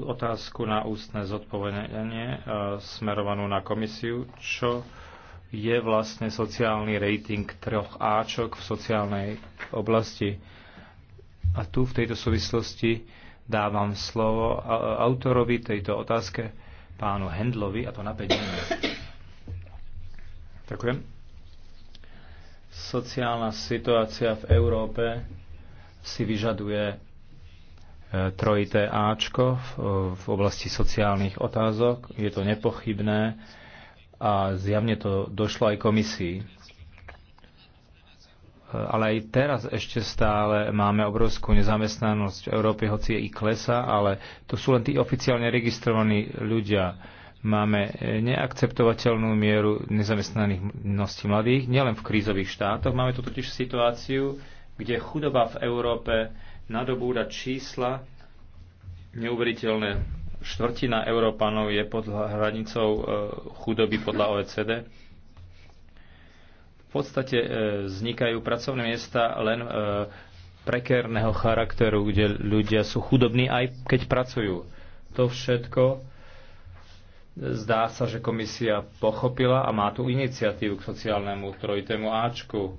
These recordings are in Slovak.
otázku na ústne zodpovedanie e, smerovanú na komisiu, čo je vlastne sociálny rating troch Ačok v sociálnej oblasti. A tu v tejto súvislosti dávam slovo e, autorovi tejto otázke, pánu Hendlovi, a to na 5 minút. Ďakujem. Sociálna situácia v Európe si vyžaduje trojité Ačko v oblasti sociálnych otázok. Je to nepochybné a zjavne to došlo aj komisii. Ale aj teraz ešte stále máme obrovskú nezamestnanosť v Európe, hoci je i klesa, ale to sú len tí oficiálne registrovaní ľudia. Máme neakceptovateľnú mieru nezamestnaných množství mladých, nielen v krízových štátoch. Máme tu totiž situáciu, kde chudoba v Európe nadobúda čísla neuveriteľné. Štvrtina Európanov je pod hranicou e, chudoby podľa OECD. V podstate e, vznikajú pracovné miesta len e, prekérneho charakteru, kde ľudia sú chudobní aj keď pracujú. To všetko zdá sa, že komisia pochopila a má tu iniciatívu k sociálnemu trojitému Ačku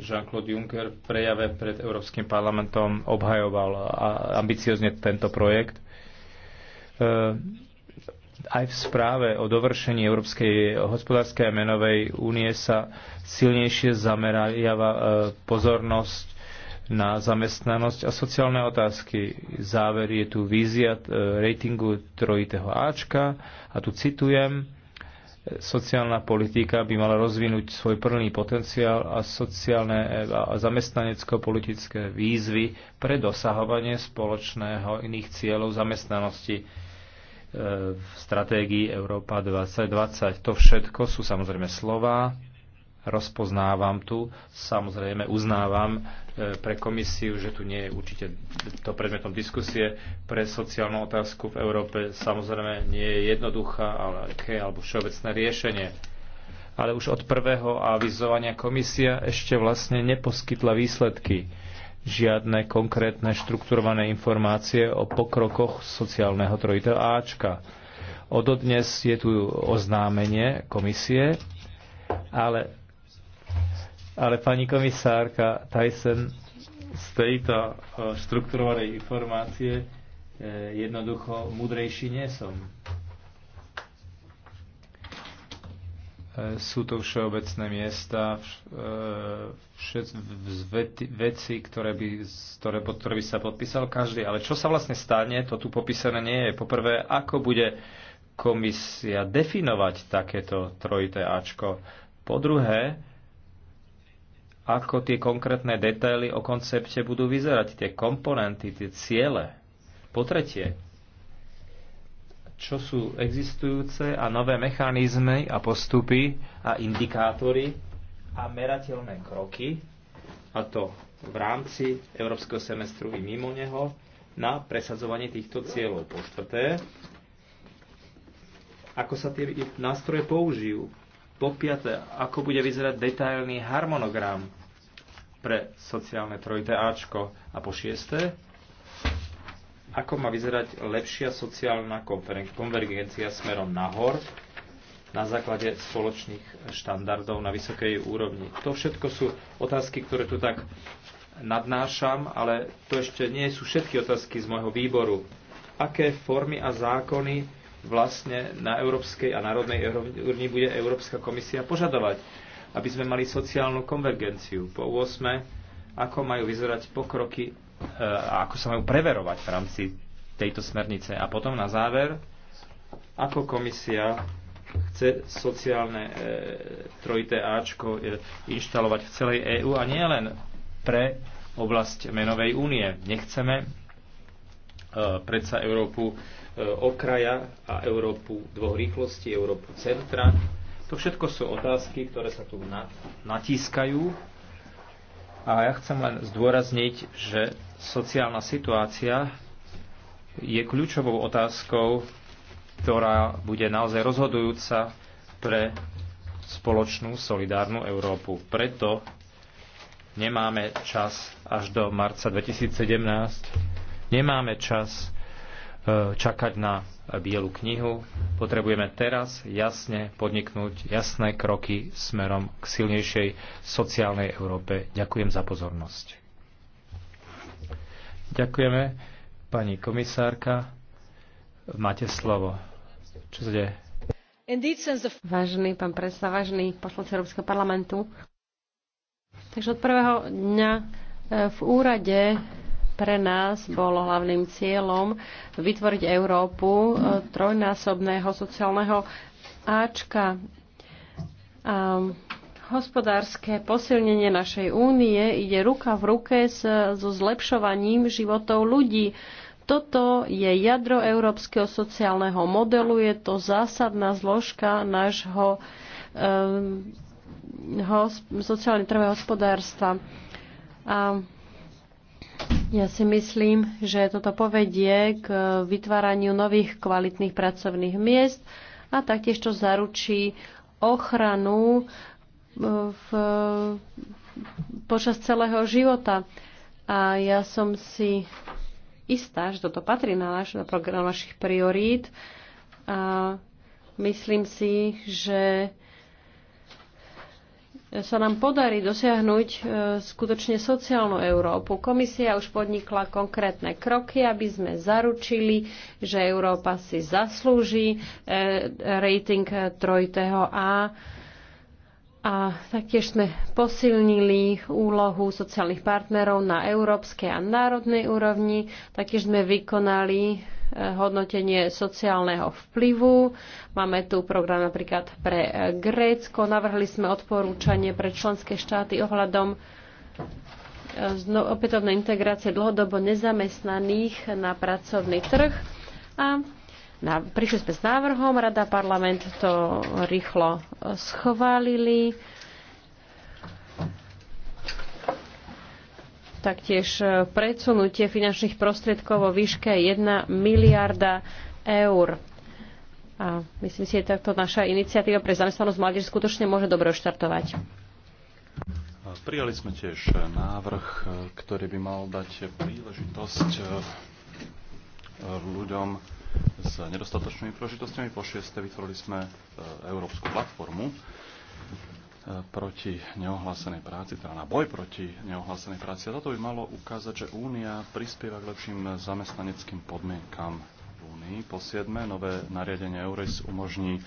Jean-Claude Juncker v prejave pred Európskym parlamentom obhajoval ambiciozne tento projekt. E, aj v správe o dovršení Európskej hospodárskej a menovej únie sa silnejšie zameriava e, pozornosť na zamestnanosť a sociálne otázky. Záver je tu vízia e, ratingu trojitého Ačka a tu citujem, Sociálna politika by mala rozvinúť svoj plný potenciál a sociálne a zamestnanecko-politické výzvy pre dosahovanie spoločného iných cieľov zamestnanosti e, v stratégii Európa 2020. To všetko sú samozrejme slová, rozpoznávam tu, samozrejme uznávam e, pre komisiu, že tu nie je určite to predmetom diskusie pre sociálnu otázku v Európe. Samozrejme nie je jednoduchá, ale aké alebo všeobecné riešenie. Ale už od prvého avizovania komisia ešte vlastne neposkytla výsledky. Žiadne konkrétne štrukturované informácie o pokrokoch sociálneho trojita Ačka. Ododnes je tu oznámenie komisie, ale ale pani komisárka Tyson z tejto e, štrukturovanej informácie e, jednoducho múdrejší nie som. E, sú to všeobecné miesta, všetci, veci, ktoré by, ktoré, pod ktoré by sa podpísal každý. Ale čo sa vlastne stane, to tu popísané nie je. Poprvé, ako bude komisia definovať takéto trojité Ačko? Po druhé, ako tie konkrétne detaily o koncepte budú vyzerať, tie komponenty, tie ciele. Po tretie, čo sú existujúce a nové mechanizmy a postupy a indikátory a merateľné kroky, a to v rámci európskeho semestru i mimo neho, na presadzovanie týchto cieľov. Po štvrté, ako sa tie nástroje použijú. Po piaté, ako bude vyzerať detailný harmonogram pre sociálne trojité Ačko. A po šiesté, ako má vyzerať lepšia sociálna konvergencia smerom nahor na základe spoločných štandardov na vysokej úrovni. To všetko sú otázky, ktoré tu tak nadnášam, ale to ešte nie sú všetky otázky z môjho výboru. Aké formy a zákony vlastne na európskej a národnej úrovni bude Európska komisia požadovať? aby sme mali sociálnu konvergenciu. Po 8. ako majú vyzerať pokroky e, a ako sa majú preverovať v rámci tejto smernice. A potom na záver, ako komisia chce sociálne e, trojité Ačko e, inštalovať v celej EÚ a nie len pre oblasť menovej únie. Nechceme e, predsa Európu e, okraja a Európu dvoch rýchlostí, Európu centra, to všetko sú otázky, ktoré sa tu natískajú. A ja chcem len zdôrazniť, že sociálna situácia je kľúčovou otázkou, ktorá bude naozaj rozhodujúca pre spoločnú solidárnu Európu. Preto nemáme čas až do marca 2017. Nemáme čas e, čakať na bielu knihu. Potrebujeme teraz jasne podniknúť jasné kroky smerom k silnejšej sociálnej Európe. Ďakujem za pozornosť. Ďakujeme. Pani komisárka, máte slovo. Čo zde? deje? Vážený pán predseda, vážený poslanci Európskeho parlamentu. Takže od prvého dňa e, v úrade pre nás bolo hlavným cieľom vytvoriť Európu e, trojnásobného sociálneho Ačka. A hospodárske posilnenie našej únie ide ruka v ruke so zlepšovaním životov ľudí. Toto je jadro európskeho sociálneho modelu, je to zásadná zložka nášho um, sociálne trvého hospodárstva. A ja si myslím, že toto povedie k vytváraniu nových kvalitných pracovných miest a taktiež to zaručí ochranu e, v, počas celého života. A ja som si istá, že toto patrí na, náš, na program našich priorít. A myslím si, že sa nám podarí dosiahnuť e, skutočne sociálnu Európu. Komisia už podnikla konkrétne kroky, aby sme zaručili, že Európa si zaslúži e, rating 3A a taktiež sme posilnili úlohu sociálnych partnerov na európskej a národnej úrovni. Taktiež sme vykonali hodnotenie sociálneho vplyvu. Máme tu program napríklad pre Grécko. Navrhli sme odporúčanie pre členské štáty ohľadom eh, opätovnej integrácie dlhodobo nezamestnaných na pracovný trh. A na, prišli sme s návrhom, Rada parlament to rýchlo eh, schválili. taktiež e, predsunutie finančných prostriedkov vo výške 1 miliarda eur. A myslím si, že takto naša iniciatíva pre zamestnanosť mládež skutočne môže dobre štartovať. Prijali sme tiež návrh, e, ktorý by mal dať príležitosť e, ľuďom s nedostatočnými príležitostiami. Po šieste vytvorili sme Európsku platformu, proti neohlásenej práci, teda na boj proti neohlásenej práci. A toto by malo ukázať, že Únia prispieva k lepším zamestnaneckým podmienkam v Únii. Po siedme, nové nariadenie EURES umožní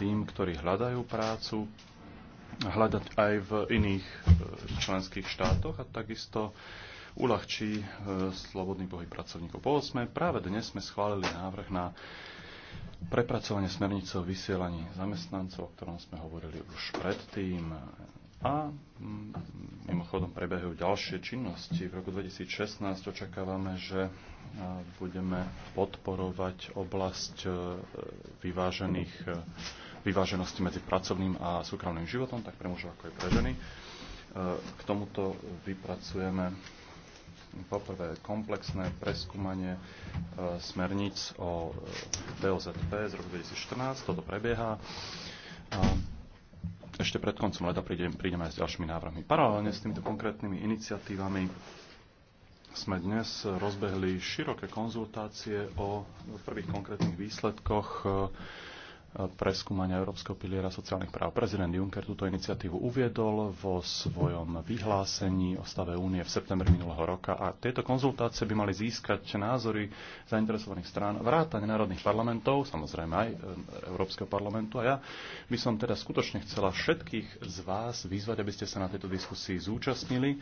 tým, ktorí hľadajú prácu, hľadať aj v iných e, členských štátoch a takisto uľahčí e, slobodný pohyb pracovníkov. Po 8. práve dnes sme schválili návrh na prepracovanie smernice o vysielaní zamestnancov, o ktorom sme hovorili už predtým. A mm, mimochodom prebehajú ďalšie činnosti. V roku 2016 očakávame, že budeme podporovať oblasť e, vyvážených, e, vyváženosti medzi pracovným a súkromným životom, tak pre mužov ako aj pre ženy. E, k tomuto vypracujeme Poprvé, komplexné preskúmanie e, smerníc o e, DOZP z roku 2014. Toto prebieha. A ešte pred koncom leta prídem, prídeme aj s ďalšími návrhmi. Paralelne s týmito konkrétnymi iniciatívami sme dnes rozbehli široké konzultácie o prvých konkrétnych výsledkoch e, preskúmania Európskeho piliera sociálnych práv. Prezident Juncker túto iniciatívu uviedol vo svojom vyhlásení o stave únie v septembri minulého roka a tieto konzultácie by mali získať názory zainteresovaných strán vrátane národných parlamentov, samozrejme aj e, Európskeho parlamentu a ja by som teda skutočne chcela všetkých z vás vyzvať, aby ste sa na tejto diskusii zúčastnili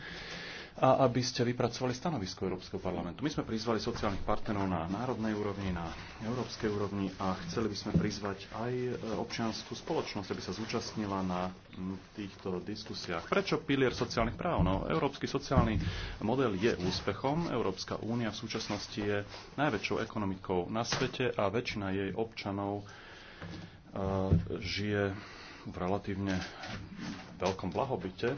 a aby ste vypracovali stanovisko Európskeho parlamentu. My sme prizvali sociálnych partnerov na národnej úrovni, na európskej úrovni a chceli by sme prizvať aj e, občianskú spoločnosť, aby sa zúčastnila na týchto diskusiách. Prečo pilier sociálnych práv? No, európsky sociálny model je úspechom. Európska únia v súčasnosti je najväčšou ekonomikou na svete a väčšina jej občanov e, žije v relatívne veľkom blahobite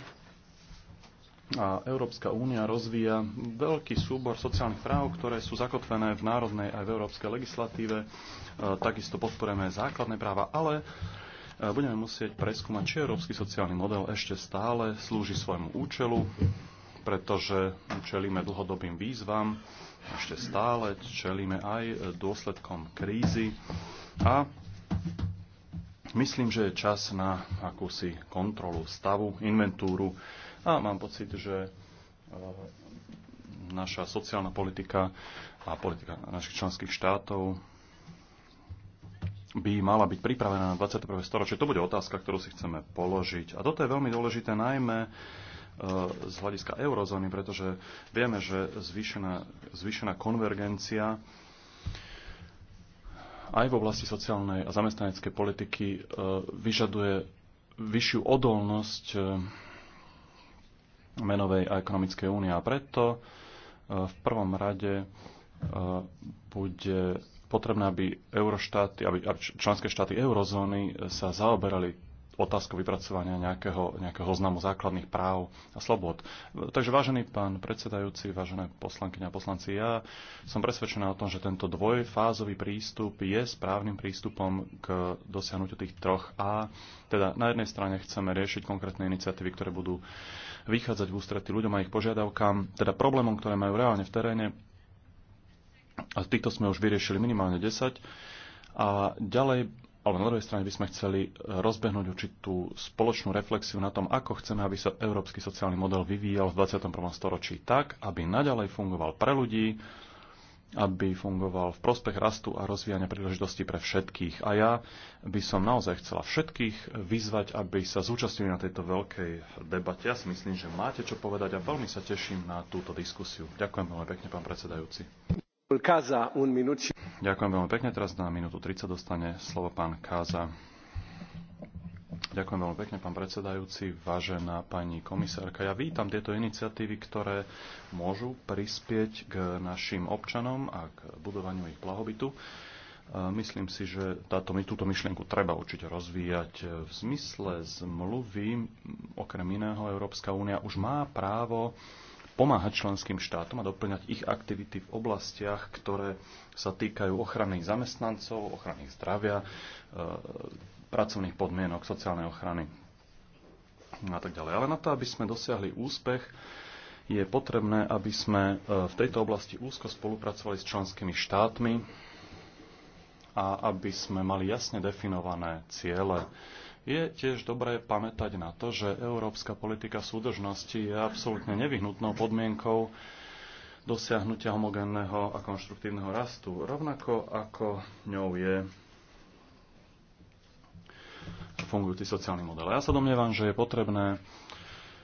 a Európska únia rozvíja veľký súbor sociálnych práv, ktoré sú zakotvené v národnej aj v európskej legislatíve. E, takisto podporujeme základné práva, ale e, budeme musieť preskúmať, či európsky sociálny model ešte stále slúži svojmu účelu, pretože čelíme dlhodobým výzvam, ešte stále čelíme aj dôsledkom krízy a myslím, že je čas na akúsi kontrolu stavu, inventúru a mám pocit, že e, naša sociálna politika a politika našich členských štátov by mala byť pripravená na 21. storočie. To bude otázka, ktorú si chceme položiť. A toto je veľmi dôležité najmä e, z hľadiska eurozóny, pretože vieme, že zvýšená, zvýšená konvergencia aj v oblasti sociálnej a zamestnaneckej politiky e, vyžaduje vyššiu odolnosť menovej a ekonomickej únie. A preto e, v prvom rade e, bude potrebné, aby, euroštáty, aby členské štáty eurozóny e, sa zaoberali otázkou vypracovania nejakého, nejakého oznamu základných práv a slobod. Takže vážený pán predsedajúci, vážené poslankyňa a poslanci, ja som presvedčená o tom, že tento dvojfázový prístup je správnym prístupom k dosiahnutiu tých troch A. Teda na jednej strane chceme riešiť konkrétne iniciatívy, ktoré budú uh, vychádzať v ústrety ľuďom a ich požiadavkám, teda problémom, ktoré majú reálne v teréne. A týchto sme už vyriešili minimálne 10. A ďalej, ale na druhej strane by sme chceli rozbehnúť určitú spoločnú reflexiu na tom, ako chceme, aby sa európsky sociálny model vyvíjal v 21. storočí tak, aby naďalej fungoval pre ľudí, aby fungoval v prospech rastu a rozvíjania príležitostí pre všetkých. A ja by som naozaj chcela všetkých vyzvať, aby sa zúčastnili na tejto veľkej debate. Ja si myslím, že máte čo povedať a veľmi sa teším na túto diskusiu. Ďakujem veľmi pekne, pán predsedajúci. Ďakujem veľmi pekne. Teraz na minútu 30 dostane slovo pán Káza. Ďakujem veľmi pekne, pán predsedajúci, vážená pani komisárka. Ja vítam tieto iniciatívy, ktoré môžu prispieť k našim občanom a k budovaniu ich blahobytu. E, myslím si, že táto, túto myšlienku treba určite rozvíjať. V zmysle zmluvy, okrem iného, Európska únia už má právo pomáhať členským štátom a doplňať ich aktivity v oblastiach, ktoré sa týkajú ochrany zamestnancov, ochrany zdravia, e, pracovných podmienok, sociálnej ochrany a tak ďalej. Ale na to, aby sme dosiahli úspech, je potrebné, aby sme e, v tejto oblasti úzko spolupracovali s členskými štátmi a aby sme mali jasne definované ciele. Je tiež dobré pamätať na to, že európska politika súdržnosti je absolútne nevyhnutnou podmienkou dosiahnutia homogénneho a konštruktívneho rastu, rovnako ako ňou je fungujú tí sociálne modely. Ja sa domnievam, že je potrebné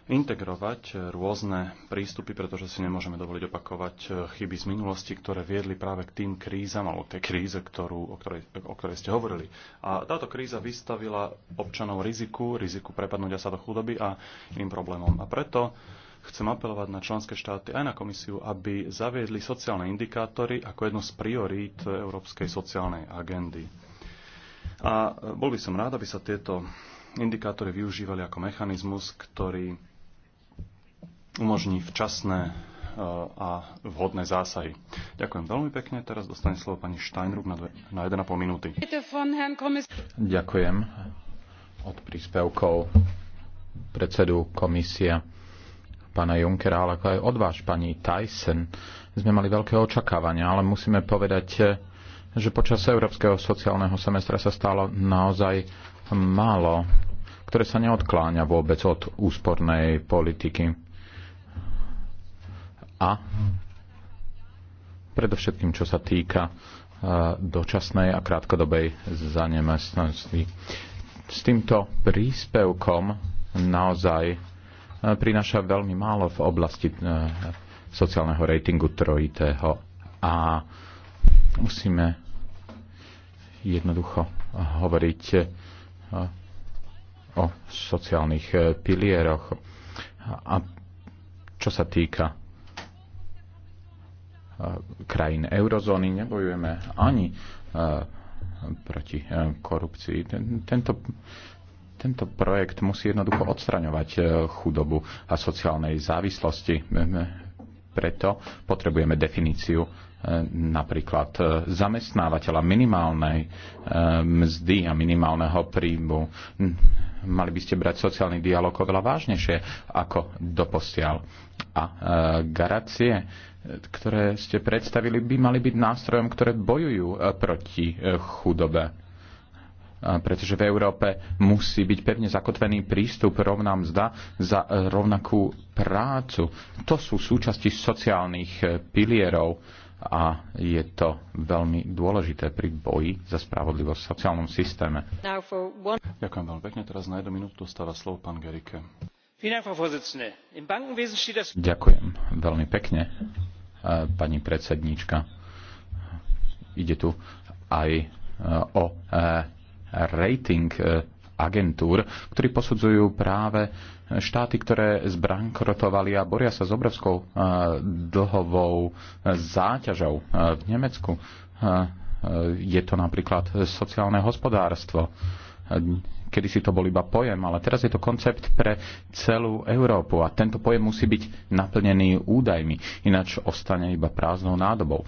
integrovať rôzne prístupy, pretože si nemôžeme dovoliť opakovať eh, chyby z minulosti, ktoré viedli práve k tým krízam, alebo tej kríze, ktorú, o, ktorej, o ktorej ste hovorili. A táto kríza vystavila občanov riziku, riziku prepadnutia sa do chudoby a iným problémom. A preto chcem apelovať na členské štáty aj na komisiu, aby zaviedli sociálne indikátory ako jedno z priorít Európskej sociálnej agendy. A bol by som rád, aby sa tieto indikátory využívali ako mechanizmus, ktorý umožní včasné eh, a vhodné zásahy. Ďakujem veľmi pekne. Teraz dostane slovo pani Steinruck na, dve, na 1,5 minúty. Ďakujem od príspevkov predsedu komisia pána Junckera, ale ako aj od vás, pani Tyson. Sme mali veľké očakávania, ale musíme povedať, eh, že počas Európskeho sociálneho semestra sa stalo naozaj málo, ktoré sa neodkláňa vôbec od úspornej politiky. A predovšetkým, čo sa týka e, dočasnej a krátkodobej zanemestnosti. S týmto príspevkom naozaj e, prináša veľmi málo v oblasti e, sociálneho ratingu trojitého a Musíme jednoducho hovoriť eh, o sociálnych eh, pilieroch. A čo sa týka eh, krajín eurozóny, nebojujeme ani proti korupcii. Tento, tento projekt musí jednoducho odstraňovať chudobu a sociálnej závislosti. Preto potrebujeme definíciu E, napríklad e, zamestnávateľa minimálnej e, mzdy a minimálneho príjmu. Hm, mali by ste brať sociálny dialog oveľa vážnejšie ako doposiaľ. A garácie, ktoré ste predstavili, by mali byť nástrojom, ktoré bojujú proti chudobe. Pretože v Európe musí byť pevne zakotvený prístup rovná mzda za rovnakú prácu. To sú súčasti sociálnych pilierov a je to veľmi dôležité pri boji za spravodlivosť v sociálnom systéme. One... Ďakujem veľmi pekne. Teraz na jednu minútu dostáva slovo pán Gerike. Ďakujem veľmi pekne, e, pani predsedníčka. Ide tu aj e, o e, rating agentúr, ktorí posudzujú práve štáty, ktoré zbankrotovali a boria sa s obrovskou eh, dlhovou eh, záťažou eh, v Nemecku. Je to napríklad sociálne hospodárstvo. Kedy si to bol iba pojem, ale teraz je to koncept pre celú Európu a tento pojem musí byť naplnený údajmi, ináč ostane iba prázdnou nádobou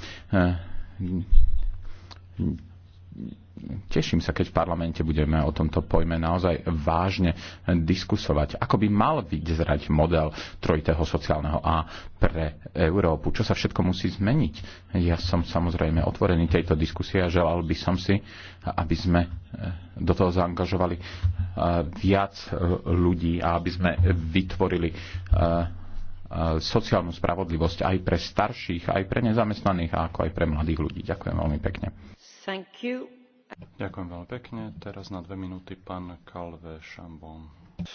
teším sa, keď v parlamente budeme o tomto pojme naozaj vážne diskusovať. Ako by mal vyzerať model trojitého sociálneho A pre Európu? Čo sa všetko musí zmeniť? Ja som samozrejme otvorený tejto diskusie a želal by som si, aby sme e, do toho zaangažovali e, viac e, ľudí a aby sme vytvorili sociálnu spravodlivosť aj pre starších, aj pre nezamestnaných, ako aj pre mladých ľudí. Ďakujem veľmi pekne. Thank you. Ďakujem veľmi pekne. Teraz na dve minúty pán Kalve Šambon. E,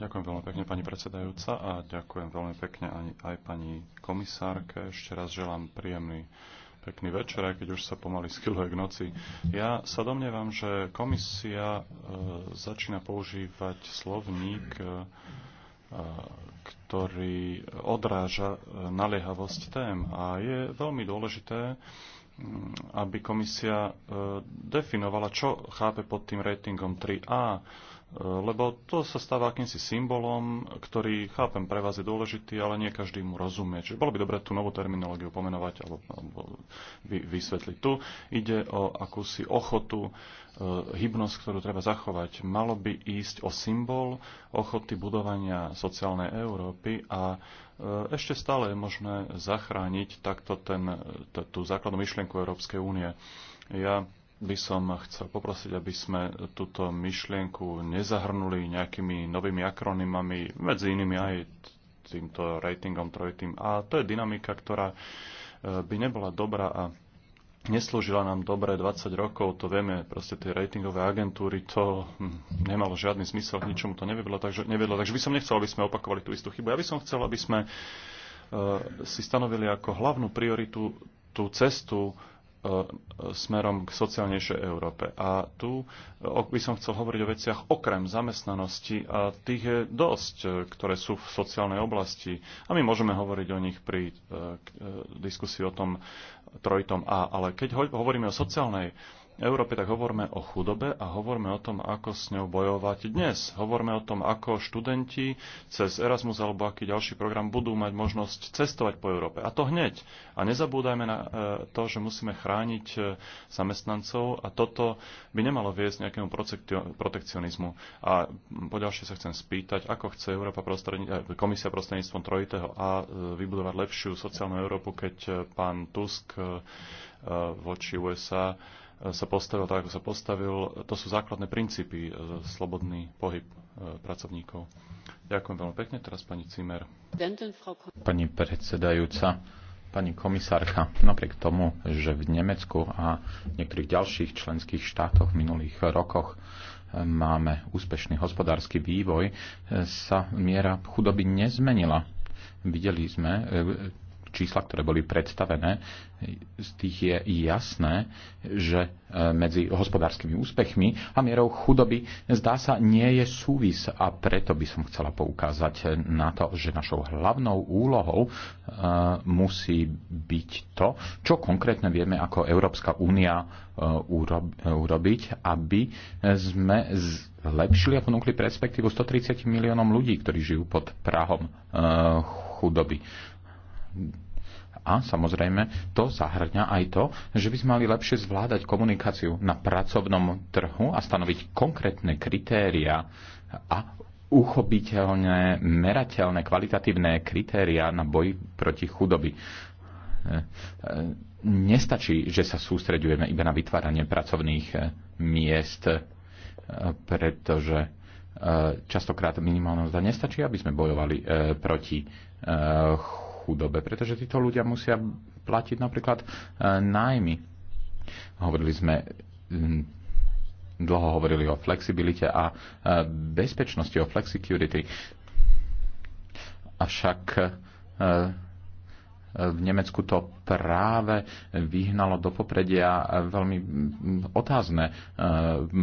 ďakujem veľmi pekne, pani predsedajúca, a ďakujem veľmi pekne aj pani komisárke. Ešte raz želám príjemný pekný večer, aj keď už sa pomaly schyluje k noci. Ja sa domnievam, že komisia e, začína používať slovník, e, e ktorý odráža e, naliehavosť tém. A je veľmi dôležité, Mm, aby komisia e, definovala, čo chápe pod tým ratingom 3A, e, lebo to sa stáva akýmsi symbolom, ktorý, chápem, pre vás je dôležitý, ale nie každý mu rozumie. Čiže bolo by dobre tú novú terminológiu pomenovať alebo, alebo vysvetliť tu. Ide o akúsi ochotu, e, hybnosť, ktorú treba zachovať. Malo by ísť o symbol ochoty budovania sociálnej Európy a E, ešte stále je možné zachrániť takto ten, tú základnú myšlienku Európskej únie. Ja by som chcel poprosiť, aby sme túto myšlienku nezahrnuli nejakými novými akronymami, medzi inými aj týmto ratingom trojitým. A to je dynamika, ktorá e, by nebola dobrá a neslúžila nám dobre 20 rokov, to vieme, proste tie ratingové agentúry, to hm, nemalo žiadny zmysel, k ničomu to nevedlo, takže, nevedlo, takže by som nechcel, aby sme opakovali tú istú chybu. Ja by som chcel, aby sme uh, si stanovili ako hlavnú prioritu tú cestu E, smerom k sociálnejšej Európe. A tu e, by som chcel hovoriť o veciach okrem zamestnanosti a tých je dosť, e, ktoré sú v sociálnej oblasti. A my môžeme hovoriť o nich pri diskusii o tom trojitom A. Ale keď hovoríme o sociálnej Európe, tak hovorme o chudobe a hovorme o tom, ako s ňou bojovať dnes. Hovorme o tom, ako študenti cez Erasmus alebo aký ďalší program budú mať možnosť cestovať po Európe. A to hneď. A nezabúdajme na e, to, že musíme chrániť e, zamestnancov a toto by nemalo viesť nejakému protekcionizmu. A poďalšie sa chcem spýtať, ako chce Európa prostredni- e, komisia prostredníctvom trojitého a vybudovať lepšiu sociálnu Európu, keď pán Tusk voči USA sa postavil tak, ako sa postavil. To sú základné princípy, e, slobodný pohyb e, pracovníkov. Ďakujem veľmi pekne. Teraz pani Cimer. Pani predsedajúca, pani komisárka, napriek tomu, že v Nemecku a niektorých ďalších členských štátoch v minulých rokoch e, máme úspešný hospodársky vývoj, sa miera chudoby nezmenila. Videli sme čísla, ktoré boli predstavené, z tých je jasné, že e, medzi hospodárskymi úspechmi a mierou chudoby zdá sa nie je súvis a preto by som chcela poukázať na to, že našou hlavnou úlohou e, musí byť to, čo konkrétne vieme ako Európska únia e, urobiť, aby sme zlepšili a ponúkli perspektívu 130 miliónom ľudí, ktorí žijú pod Prahom chudoby. A samozrejme, to zahrňa aj to, že by sme mali lepšie zvládať komunikáciu na pracovnom trhu a stanoviť konkrétne kritéria a uchopiteľné, merateľné, kvalitatívne kritéria na boj proti chudoby. E, e, nestačí, že sa sústreďujeme iba na vytváranie pracovných e, miest, pretože častokrát minimálna mzda nestačí, aby sme bojovali proti chudobe chudobe, pretože títo ľudia musia platiť napríklad e, nájmy. Hovorili sme dlho hovorili o flexibilite a e, bezpečnosti, o flexicurity. Avšak e, v Nemecku to práve vyhnalo do popredia veľmi otázne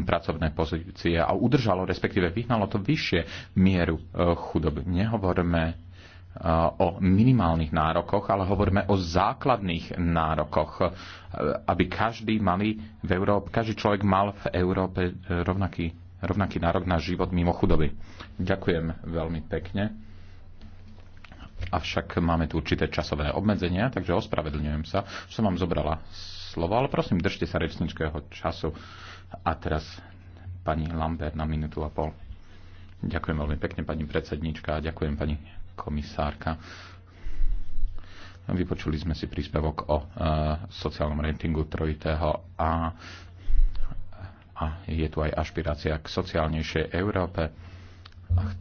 pracovné pozície a udržalo, respektíve vyhnalo to vyššie mieru chudoby. Nehovorme o minimálnych nárokoch, ale hovoríme o základných nárokoch, e, aby každý malý v Európe, každý človek mal v Európe rovnaký, rovnaký nárok na život mimo chudoby. Ďakujem veľmi pekne. Avšak máme tu určité časové obmedzenia, takže ospravedlňujem sa, že som vám zobrala slovo, ale prosím, držte sa rečničkého času. A teraz pani Lambert na minútu a pol. Ďakujem veľmi pekne, pani predsednička, a ďakujem pani komisárka. Vypočuli sme si príspevok o e, sociálnom ratingu trojitého A a je tu aj ašpirácia k sociálnejšej Európe. Ach,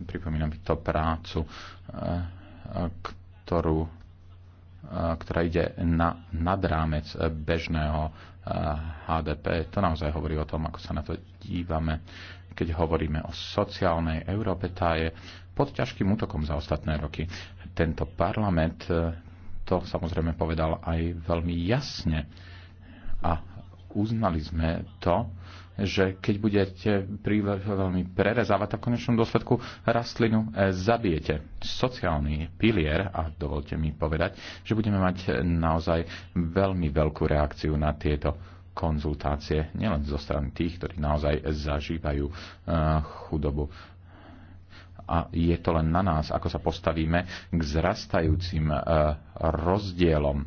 pripomínam to prácu, e, ktorú, e, ktorá ide na, nad rámec bežného e, HDP. To naozaj hovorí o tom, ako sa na to dívame. Keď hovoríme o sociálnej Európe, tá je pod ťažkým útokom za ostatné roky. Tento parlament e, to samozrejme povedal aj veľmi jasne a uznali sme to, že keď budete veľmi prerezávať, tak v konečnom dôsledku rastlinu e, zabijete. Sociálny pilier, a dovolte mi povedať, že budeme mať e, naozaj veľmi veľkú reakciu na tieto konzultácie, nielen zo strany tých, ktorí naozaj zažívajú chudobu a je to len na nás, ako sa postavíme k zrastajúcim eh, rozdielom eh,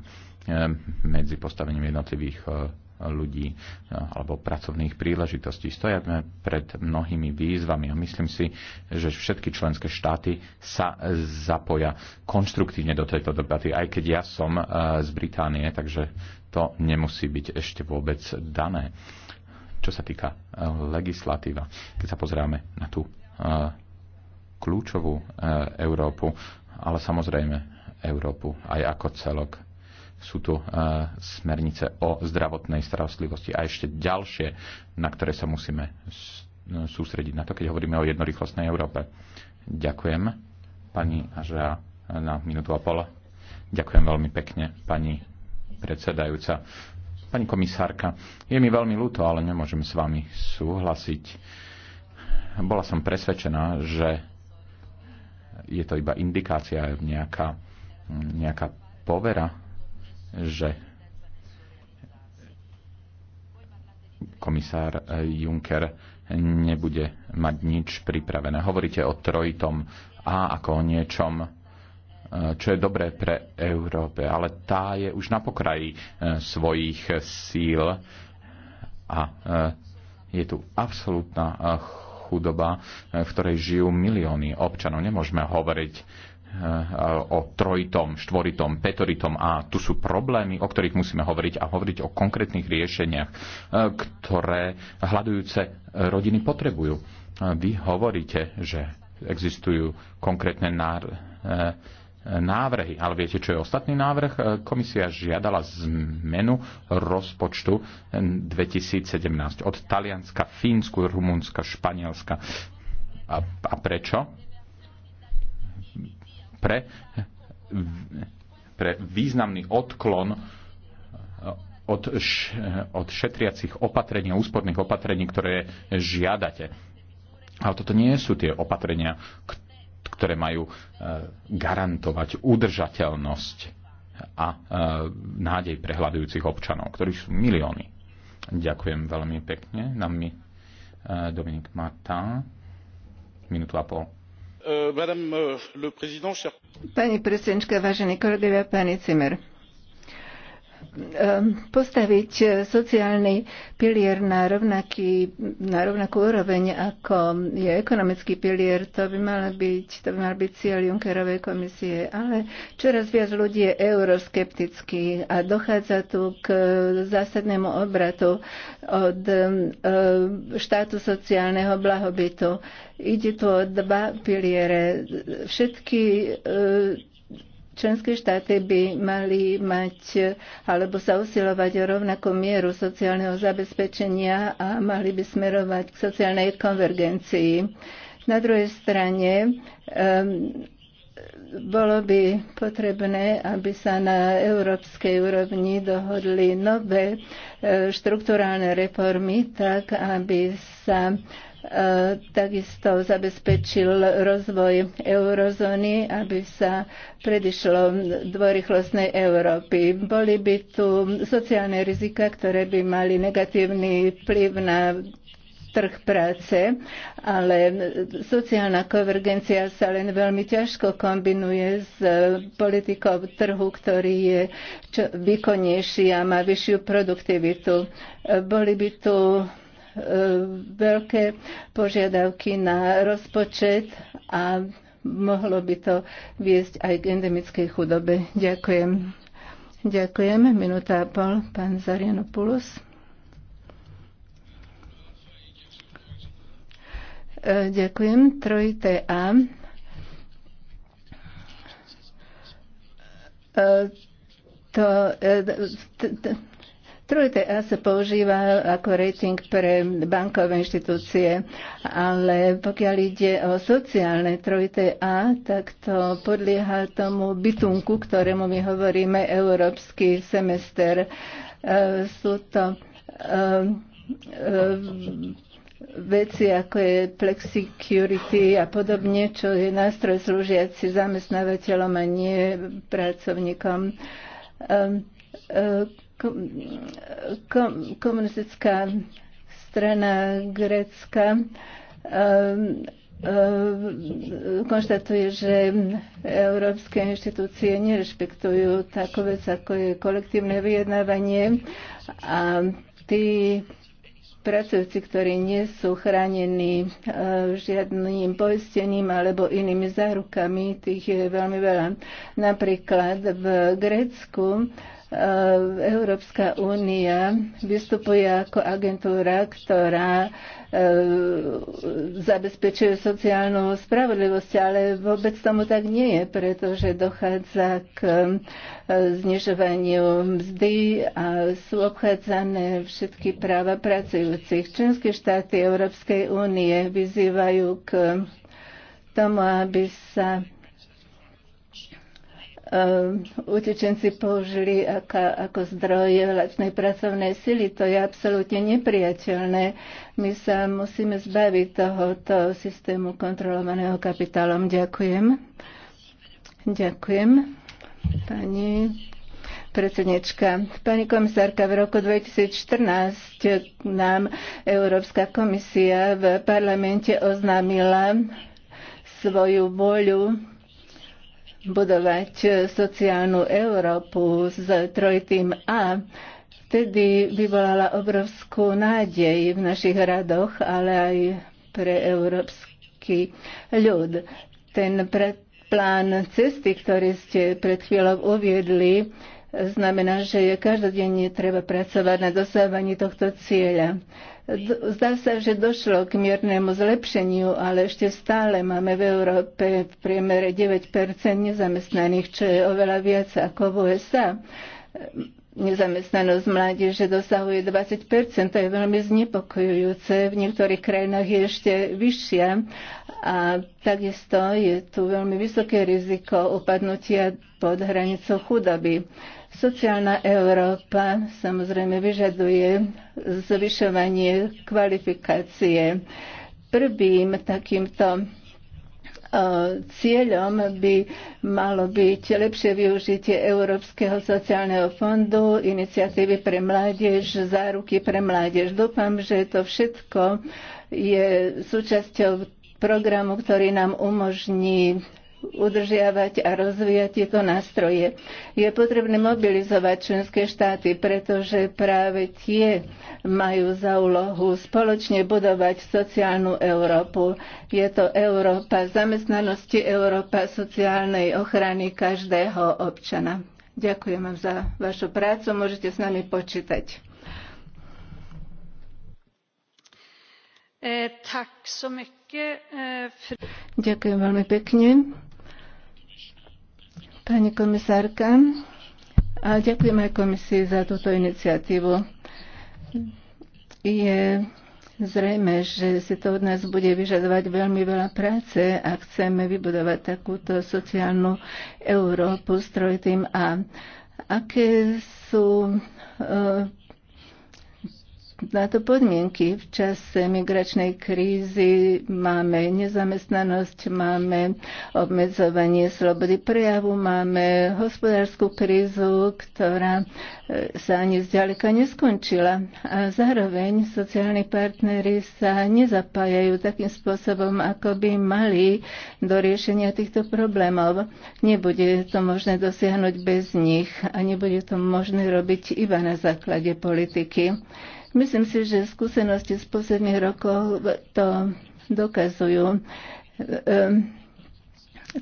medzi postavením jednotlivých eh, ľudí alebo pracovných príležitostí. Stojíme pred mnohými výzvami a myslím si, že všetky členské štáty sa zapoja konštruktívne do tejto debaty, aj keď ja som z Británie, takže to nemusí byť ešte vôbec dané. Čo sa týka legislatíva, keď sa pozráme na tú kľúčovú e, Európu, ale samozrejme Európu aj ako celok. Sú tu e, smernice o zdravotnej starostlivosti a ešte ďalšie, na ktoré sa musíme e, sústrediť na to, keď hovoríme o jednorýchlostnej Európe. Ďakujem, pani Aža, na minútu a pol. Ďakujem veľmi pekne, pani predsedajúca. Pani komisárka, je mi veľmi ľúto, ale nemôžem s vami súhlasiť. Bola som presvedčená, že je to iba indikácia, nejaká, nejaká povera, že komisár Juncker nebude mať nič pripravené. Hovoríte o trojitom A ako o niečom, čo je dobré pre Európe, ale tá je už na pokraji e, svojich síl a e, je tu absolútna e, chudoba, e, v ktorej žijú milióny občanov. Nemôžeme hovoriť e, o trojitom, štvoritom, petoritom a tu sú problémy, o ktorých musíme hovoriť a hovoriť o konkrétnych riešeniach, e, ktoré hľadujúce rodiny potrebujú. Vy hovoríte, že existujú konkrétne návrhy. Ale viete, čo je ostatný návrh? E, komisia žiadala zmenu rozpočtu 2017 e, od Talianska, Fínsku, Rumunska, Španielska. A, a prečo? Pre, pre významný odklon e, od, od šetriacich opatrení, úsporných opatrení, ktoré žiadate. Ale toto nie sú tie opatrenia, ktoré ktoré majú e, garantovať udržateľnosť a e, nádej pre hľadujúcich občanov, ktorých sú milióny. Ďakujem veľmi pekne. Na mi e, Dominik Martin. Minútu a pol. Pani predsednička, vážení kolegovia, pani Cimer Ehm, postaviť e, sociálny pilier na, rovnaký, na rovnakú úroveň, ako je ekonomický pilier, to by mal byť, to by mal byť cieľ Junckerovej komisie. Ale čoraz viac ľudí je euroskeptický a dochádza tu k zásadnému obratu od ehm, e, štátu sociálneho blahobytu. Ide tu o dva piliere. Všetky e, Členské štáty by mali mať alebo sa usilovať o rovnakú mieru sociálneho zabezpečenia a mali by smerovať k sociálnej konvergencii. Na druhej strane ehm, bolo by potrebné, aby sa na európskej úrovni dohodli nové e, štruktúrálne reformy, tak aby sa takisto zabezpečil rozvoj eurozóny, aby sa predišlo dvorýchlostnej Európy. Boli by tu sociálne rizika, ktoré by mali negatívny vplyv na trh práce, ale sociálna konvergencia sa len veľmi ťažko kombinuje s politikou trhu, ktorý je čo, výkonnejší a má vyššiu produktivitu. Boli by tu veľké požiadavky na rozpočet a mohlo by to viesť aj k endemickej chudobe. Ďakujem. Ďakujem. Minúta a pol. Pán Zarianopoulos. E, ďakujem. 3TA. E, to, e, Trojité A sa používa ako rating pre bankové inštitúcie, ale pokiaľ ide o sociálne trojité A, tak to podlieha tomu bytunku, ktorému my hovoríme európsky semester. E, sú to e, e, veci ako je flexicurity a podobne, čo je nástroj slúžiaci zamestnávateľom a nie pracovníkom kom, komunistická strana Grécka um, um, konštatuje, že európske inštitúcie nerešpektujú takú vec, ako je kolektívne vyjednávanie a tí pracujúci, ktorí nie sú chránení uh, žiadnym poistením alebo inými zárukami, tých je veľmi veľa. Napríklad v Grécku E, Európska únia vystupuje ako agentúra, ktorá e, zabezpečuje sociálnu spravodlivosť, ale vôbec tomu tak nie je, pretože dochádza k e, znižovaniu mzdy a sú obchádzané všetky práva pracujúcich. Členské štáty Európskej únie vyzývajú k tomu, aby sa Ehm, utečenci použili ako, ako zdroj lacnej pracovnej sily. To je absolútne nepriateľné. My sa musíme zbaviť tohoto systému kontrolovaného kapitálom. Ďakujem. Ďakujem. Pani predsednička. Pani komisárka, v roku 2014 nám Európska komisia v parlamente oznámila svoju voľu budovať e, sociálnu Európu s trojtým A, vtedy vyvolala obrovskú nádej v našich radoch, ale aj pre európsky ľud. Ten pred, plán cesty, ktorý ste pred chvíľou uviedli, znamená, že každodenne treba pracovať na dosávaní tohto cieľa. Zdá sa, že došlo k miernemu zlepšeniu, ale ešte stále máme v Európe v priemere 9 nezamestnaných, čo je oveľa viac ako v USA. Nezamestnanosť mládeže dosahuje 20 to je veľmi znepokojujúce. V niektorých krajinách je ešte vyššia a takisto je tu veľmi vysoké riziko upadnutia pod hranicou chudoby. Sociálna Európa samozrejme vyžaduje zvyšovanie kvalifikácie. Prvým takýmto e, cieľom by malo byť lepšie využitie Európskeho sociálneho fondu, iniciatívy pre mládež, záruky pre mládež. Dúfam, že to všetko je súčasťou programu, ktorý nám umožní udržiavať a rozvíjať tieto nástroje. Je potrebné mobilizovať členské štáty, pretože práve tie majú za úlohu spoločne budovať sociálnu Európu. Je to Európa zamestnanosti, Európa sociálnej ochrany každého občana. Ďakujem vám za vašu prácu, môžete s nami počítať. Eh, tak so mycket. Eh, Ďakujem veľmi pekne. Pani komisárka, a ďakujem aj komisii za túto iniciatívu. Je zrejme, že si to od nás bude vyžadovať veľmi veľa práce a chceme vybudovať takúto sociálnu Európu s trojitým A. Aké sú e, na to podmienky. V čase migračnej krízy máme nezamestnanosť, máme obmedzovanie slobody prejavu, máme hospodárskú krízu, ktorá e, sa ani zďaleka neskončila. A zároveň sociálni partnery sa nezapájajú takým spôsobom, ako by mali do riešenia týchto problémov. Nebude to možné dosiahnuť bez nich a nebude to možné robiť iba na základe politiky. Myslím si, že skúsenosti z posledných rokov to dokazujú. Ehm,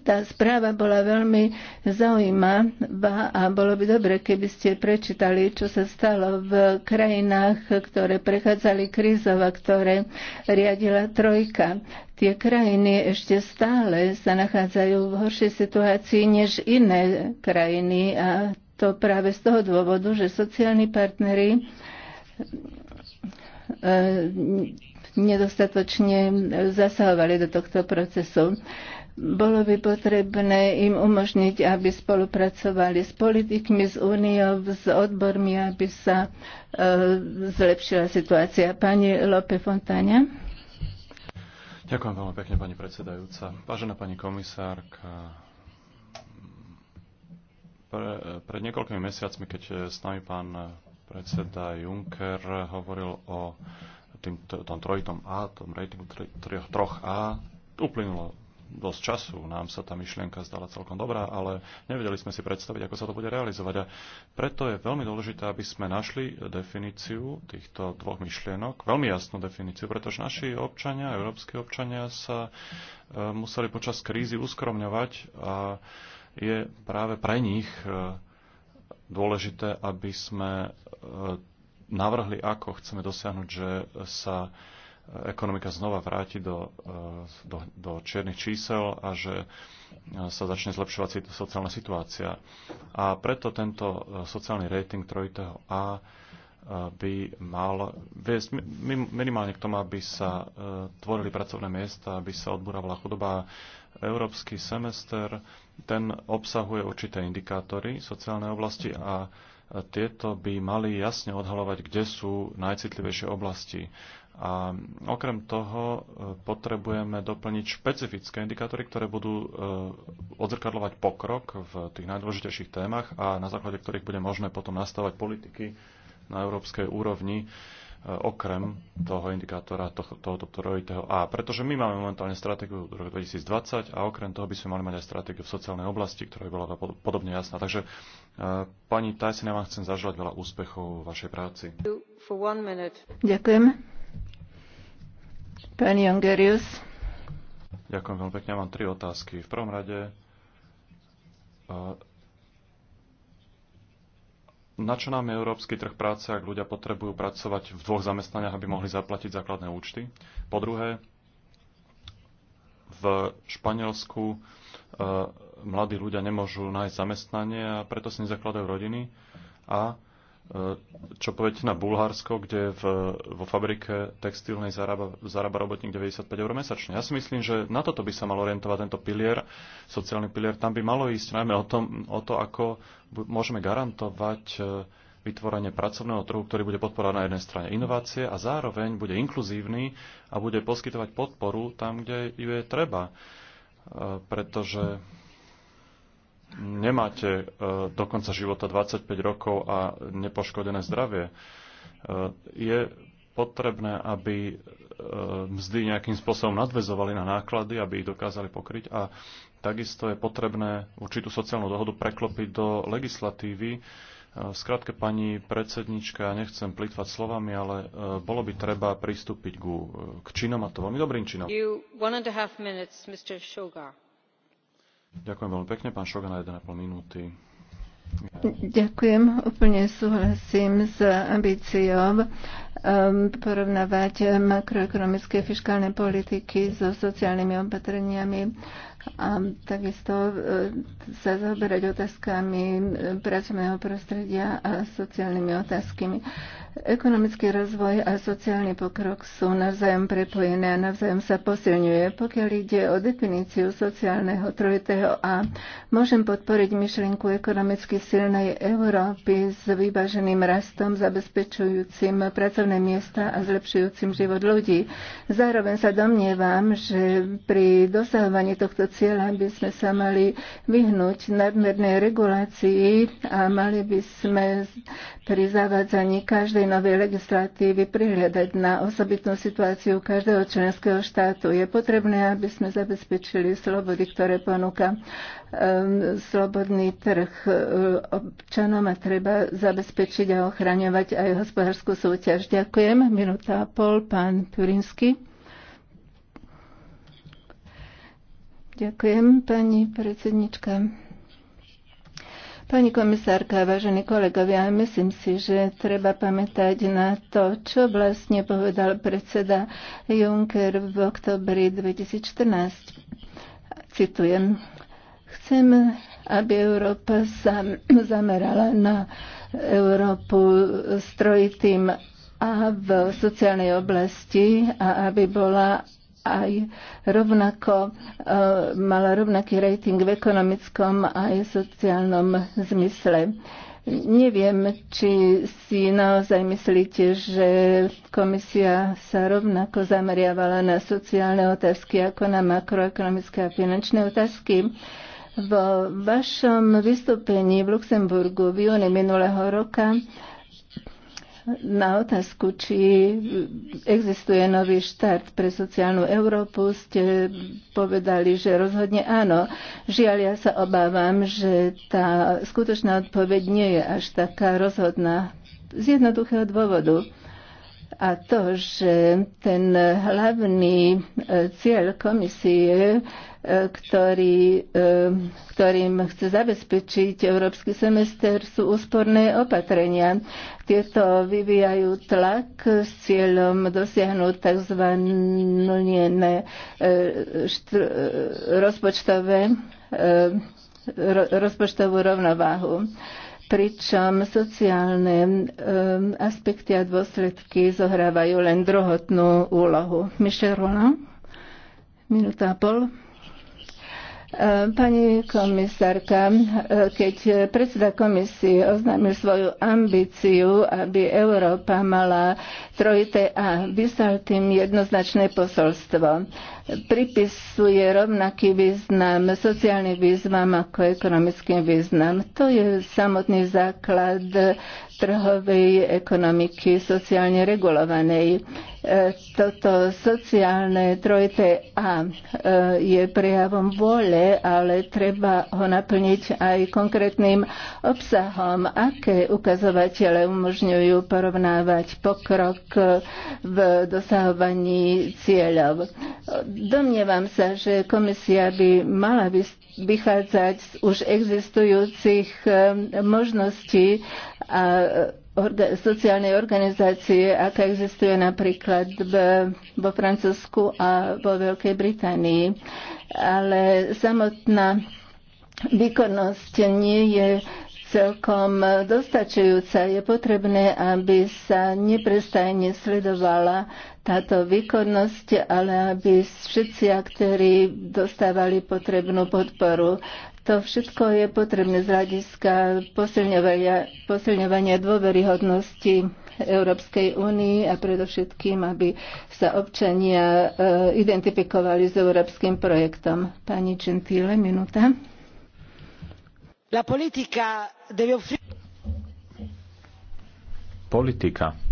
tá správa bola veľmi zaujímavá a bolo by dobre, keby ste prečítali, čo sa stalo v krajinách, ktoré prechádzali krízov a ktoré riadila trojka. Tie krajiny ešte stále sa nachádzajú v horšej situácii než iné krajiny a to práve z toho dôvodu, že sociálni partnery E, nedostatočne zasahovali do tohto procesu. Bolo by potrebné im umožniť, aby spolupracovali s politikmi, s úniou, s odbormi, aby sa e, zlepšila situácia. Pani Lope Fontáňa. Ďakujem veľmi pekne, pani predsedajúca. Vážená pani komisárka, pre, pred niekoľkými mesiacmi, keď s nami pán predseda Juncker hovoril o tým, tom trojitom A, tom ratingu troch A. Uplynulo dosť času, nám sa tá myšlienka zdala celkom dobrá, ale nevedeli sme si predstaviť, ako sa to bude realizovať. A preto je veľmi dôležité, aby sme našli definíciu týchto dvoch myšlienok, veľmi jasnú definíciu, pretože naši občania, európsky občania sa e, museli počas krízy uskromňovať a je práve pre nich e, dôležité, aby sme e, navrhli, ako chceme dosiahnuť, že sa ekonomika znova vráti do, e, do, do čiernych čísel a že e, sa začne zlepšovať sociálna situácia. A preto tento sociálny rating trojitého A by mal viesť minimálne k tomu, aby sa tvorili pracovné miesta, aby sa odburávala chudoba, Európsky semester, ten obsahuje určité indikátory sociálnej oblasti a tieto by mali jasne odhalovať, kde sú najcitlivejšie oblasti. A okrem toho e, potrebujeme doplniť špecifické indikátory, ktoré budú e, odzrkadľovať pokrok v tých najdôležitejších témach a na základe ktorých bude možné potom nastavať politiky na európskej úrovni Eh, okrem toho indikátora tohoto trojitého A. Pretože my máme momentálne stratégiu do roku 2020 a okrem toho by sme mali mať aj stratégiu v sociálnej oblasti, ktorá by bola teda podobne jasná. Takže eh, pani Tyson, ja vám chcem zaželať veľa úspechov v vašej práci. Ďakujem. Pani Angerius. Ďakujem veľmi pekne. Mám tri otázky. V prvom rade eh, na čo nám je európsky trh práce, ak ľudia potrebujú pracovať v dvoch zamestnaniach, aby mohli zaplatiť základné účty. Po druhé, v Španielsku e, mladí ľudia nemôžu nájsť zamestnanie a preto si nezakladajú rodiny a E, čo poviete na Bulharsko, kde v, vo fabrike textilnej zarába, zarába robotník 95 eur mesačne. Ja si myslím, že na toto by sa mal orientovať tento pilier, sociálny pilier. Tam by malo ísť najmä o, tom, o to, ako môžeme garantovať e, vytvorenie pracovného trhu, ktorý bude podporovať na jednej strane inovácie a zároveň bude inkluzívny a bude poskytovať podporu tam, kde ju je treba. E, pretože nemáte e, do konca života 25 rokov a nepoškodené zdravie. E, je potrebné, aby e, mzdy nejakým spôsobom nadvezovali na náklady, aby ich dokázali pokryť a takisto je potrebné určitú sociálnu dohodu preklopiť do legislatívy. Skrátke, pani predsednička, nechcem plýtvať slovami, ale bolo by treba pristúpiť ku, k činom a to veľmi dobrým činom. You, one and a half minutes, Mr. Ďakujem veľmi pekne, pán Šoga, na 1,5 minúty. Ďakujem, úplne súhlasím s ambíciou um, porovnávať makroekonomické fiskálne politiky so sociálnymi opatreniami a takisto uh, sa zaoberať otázkami uh, pracovného prostredia a sociálnymi otázkami. Ekonomický rozvoj a sociálny pokrok sú navzájom prepojené a navzájom sa posilňuje. Pokiaľ ide o definíciu sociálneho trojitého A, môžem podporiť myšlienku ekonomicky silnej Európy s vyváženým rastom, zabezpečujúcim pracovné miesta a zlepšujúcim život ľudí. Zároveň sa domnievam, že pri dosahovaní tohto cieľa by sme sa mali vyhnúť nadmernej regulácii a mali by sme pri zavádzaní každej novej legislatívy prihľadať na osobitnú situáciu každého členského štátu. Je potrebné, aby sme zabezpečili slobody, ktoré ponúka um, slobodný trh uh, občanom a treba zabezpečiť a ochraňovať aj hospodárskú súťaž. Ďakujem. Minúta a pol, pán Purinsky. Ďakujem, pani predsednička. Pani komisárka, vážení kolegovia, myslím si, že treba pamätať na to, čo vlastne povedal predseda Juncker v oktobri 2014. Citujem. Chcem, aby Európa sa zamerala na Európu strojitým a v sociálnej oblasti a aby bola aj rovnako, eh, mala rovnaký rating v ekonomickom aj sociálnom zmysle. Neviem, či si naozaj myslíte, že komisia sa rovnako zameriavala na sociálne otázky ako na makroekonomické a finančné otázky. V vašom vystúpení v Luxemburgu v júni minulého roka na otázku, či existuje nový štart pre sociálnu Európu, ste povedali, že rozhodne áno. Žiaľ, ja sa obávam, že tá skutočná odpoveď nie je až taká rozhodná. Z jednoduchého dôvodu. A to, že ten hlavný e, cieľ komisie ktorý, eh, ktorým chce zabezpečiť európsky semester, sú úsporné opatrenia. Tieto vyvíjajú tlak s cieľom dosiahnuť tzv. Eh, eh, rozpočtové rozpočtovú rovnováhu pričom sociálne aspekty a dôsledky zohrávajú len druhotnú úlohu. Michel Roland, minúta a pol. Pani komisárka, keď predseda komisie oznámil svoju ambíciu, aby Európa mala trojité A, vysal tým jednoznačné posolstvo pripisuje rovnaký význam sociálnym výzvam ako ekonomickým význam. To je samotný základ trhovej ekonomiky sociálne regulovanej. E, toto sociálne trojité A e, je prejavom vôle, ale treba ho naplniť aj konkrétnym obsahom, aké ukazovatele umožňujú porovnávať pokrok v dosahovaní cieľov Domnievam sa, že komisia by mala vychádzať z už existujúcich e, možností a e, orga, sociálnej organizácie, aká existuje napríklad v, vo Francúzsku a vo Veľkej Británii. Ale samotná výkonnosť nie je celkom dostačujúca. Je potrebné, aby sa neprestajne sledovala táto výkonnosť, ale aby všetci aktéry dostávali potrebnú podporu. To všetko je potrebné z hľadiska posilňovania, posilňovania dôveryhodnosti Európskej únii a predovšetkým, aby sa občania eh, identifikovali s európskym projektom. Pani Gentile, minúta. La politika deve offrire politika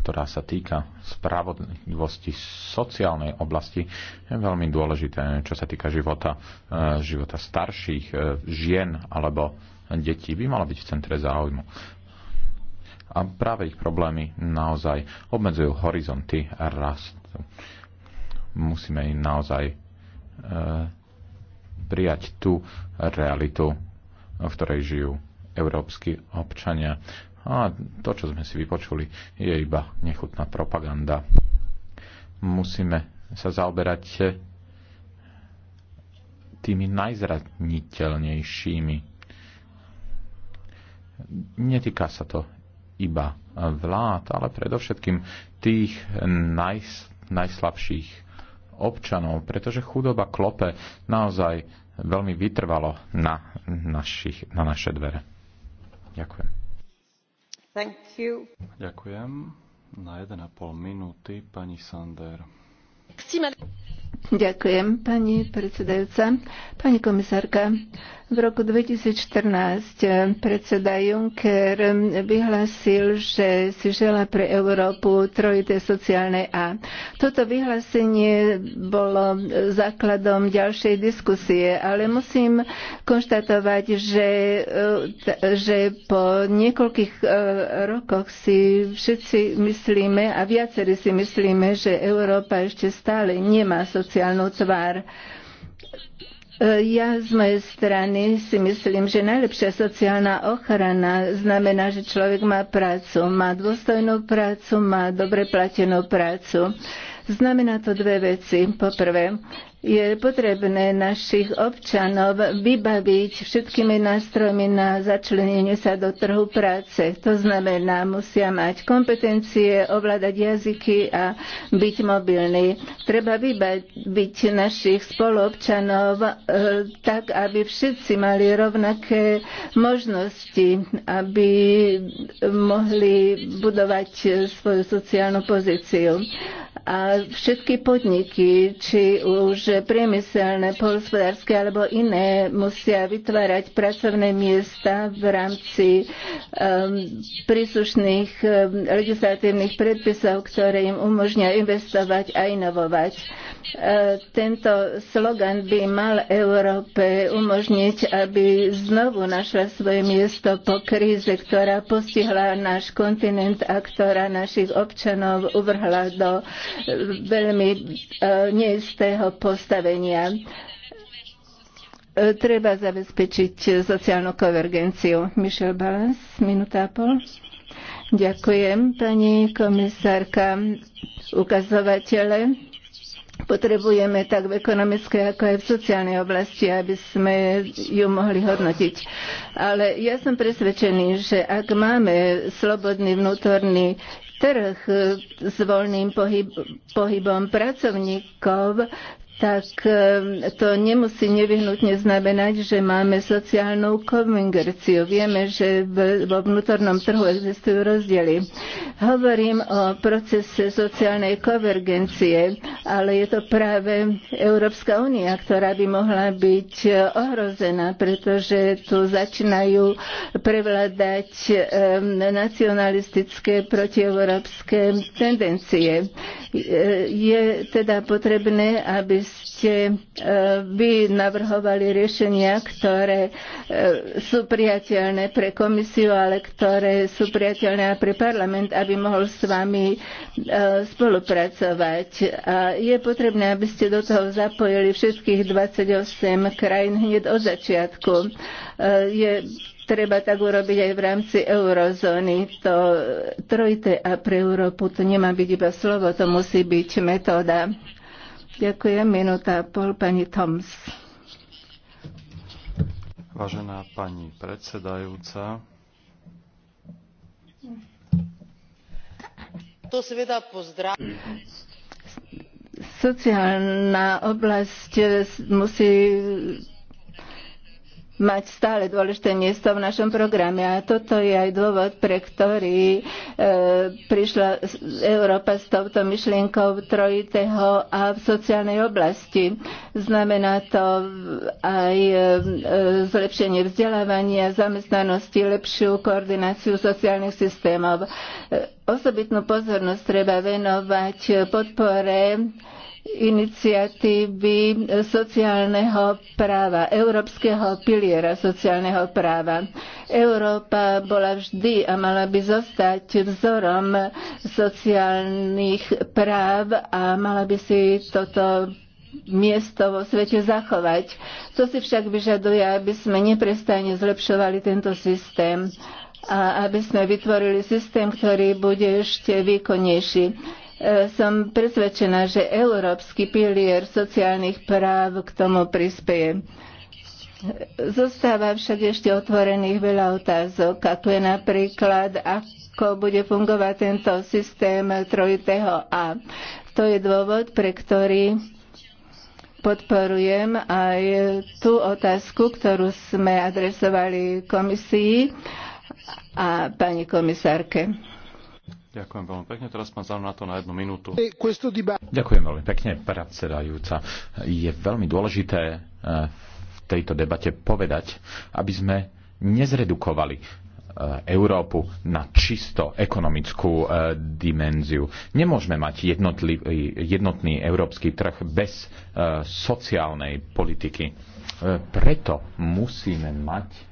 ktorá sa týka spravodlivosti sociálnej oblasti, je veľmi dôležité, čo sa týka života, e, života starších e, žien alebo detí, by mala byť v centre záujmu. A práve ich problémy naozaj obmedzujú horizonty rast. Musíme im naozaj e, prijať tú realitu, v ktorej žijú európsky občania. A to, čo sme si vypočuli, je iba nechutná propaganda. Musíme sa zaoberať tými najzraniteľnejšími. Netýka sa to iba vlád, ale predovšetkým tých naj, najslabších občanov, pretože chudoba klope naozaj veľmi vytrvalo na, našich, na naše dvere. Ďakujem. Thank you. Ďakujem. Na 1,5 minúty pani Sander. Ďakujem, pani predsedajúca. Pani komisárka, v roku 2014 eh, predseda Juncker eh, vyhlasil, že si žela pre Európu trojité sociálne A. Toto vyhlásenie bolo eh, základom ďalšej diskusie, ale musím konštatovať, že, že po niekoľkých rokoch si všetci myslíme a viacerí si myslíme, že Európa ešte stále nemá sociálnu tvár. E, ja z mojej strany si myslím, že najlepšia sociálna ochrana znamená, že človek má prácu, má dôstojnú prácu, má dobre platenú prácu. Znamená to dve veci. Poprvé, je potrebné našich občanov vybaviť všetkými nástrojmi na začlenenie sa do trhu práce. To znamená, musia mať kompetencie, ovládať jazyky a byť mobilní. Treba vybaviť našich spoluobčanov e, tak, aby všetci mali rovnaké možnosti, aby mohli budovať svoju sociálnu pozíciu. A všetky podniky, či už že priemyselné, polospodárske alebo iné musia vytvárať pracovné miesta v rámci um, príslušných um, legislatívnych predpisov, ktoré im umožňujú investovať a inovovať. E, tento slogan by mal Európe umožniť, aby znovu našla svoje miesto po kríze, ktorá postihla náš kontinent a ktorá našich občanov uvrhla do e, veľmi e, neistého postavenia. Treba zabezpečiť sociálnu konvergenciu. Michel Balans, minúta a pol. Ďakujem, pani komisárka, ukazovatele potrebujeme tak v ekonomickej, ako aj v sociálnej oblasti, aby sme ju mohli hodnotiť. Ale ja som presvedčený, že ak máme slobodný vnútorný trh s voľným pohyb, pohybom pracovníkov, tak to nemusí nevyhnutne znamenať, že máme sociálnu konvergenciu. Vieme, že vo vnútornom trhu existujú rozdiely. Hovorím o procese sociálnej konvergencie, ale je to práve Európska únia, ktorá by mohla byť ohrozená, pretože tu začínajú prevládať nacionalistické protieurópske tendencie. Je teda potrebné, aby ste e, vy navrhovali riešenia, ktoré e, sú priateľné pre komisiu, ale ktoré sú priateľné aj pre parlament, aby mohol s vami e, spolupracovať. A je potrebné, aby ste do toho zapojili všetkých 28 krajín hneď od začiatku. Je treba tak urobiť aj v rámci eurozóny. To trojité a pre Európu to nemá byť iba slovo, to musí byť metóda. Ďakujem. Minúta a pol, pani Toms. Vážená pani predsedajúca, to seveda pozdrav. sociálna oblasť musí mať stále dôležité miesto v našom programe. A toto je aj dôvod, pre ktorý e, prišla Európa s touto myšlienkou trojitého a v sociálnej oblasti. Znamená to aj e, e zlepšenie vzdelávania, zamestnanosti, lepšiu koordináciu sociálnych systémov. E, osobitnú pozornosť treba venovať podpore iniciatívy sociálneho práva, európskeho piliera sociálneho práva. Európa bola vždy a mala by zostať vzorom sociálnych práv a mala by si toto miesto vo svete zachovať. To si však vyžaduje, aby sme neprestajne zlepšovali tento systém a aby sme vytvorili systém, ktorý bude ešte výkonnejší. Som presvedčená, že európsky pilier sociálnych práv k tomu prispieje. Zostáva však ešte otvorených veľa otázok, ako je napríklad, ako bude fungovať tento systém trojitého A. To je dôvod, pre ktorý podporujem aj tú otázku, ktorú sme adresovali komisii a pani komisárke. Ďakujem veľmi pekne. Teraz pán Zanu na to na jednu minútu. Ďakujem veľmi pekne, predsedajúca. Je veľmi dôležité eh, v tejto debate povedať, aby sme nezredukovali eh, Európu na čisto ekonomickú eh, dimenziu. Nemôžeme mať jednotli, jednotný európsky trh bez sociálnej politiky. Preto musíme mať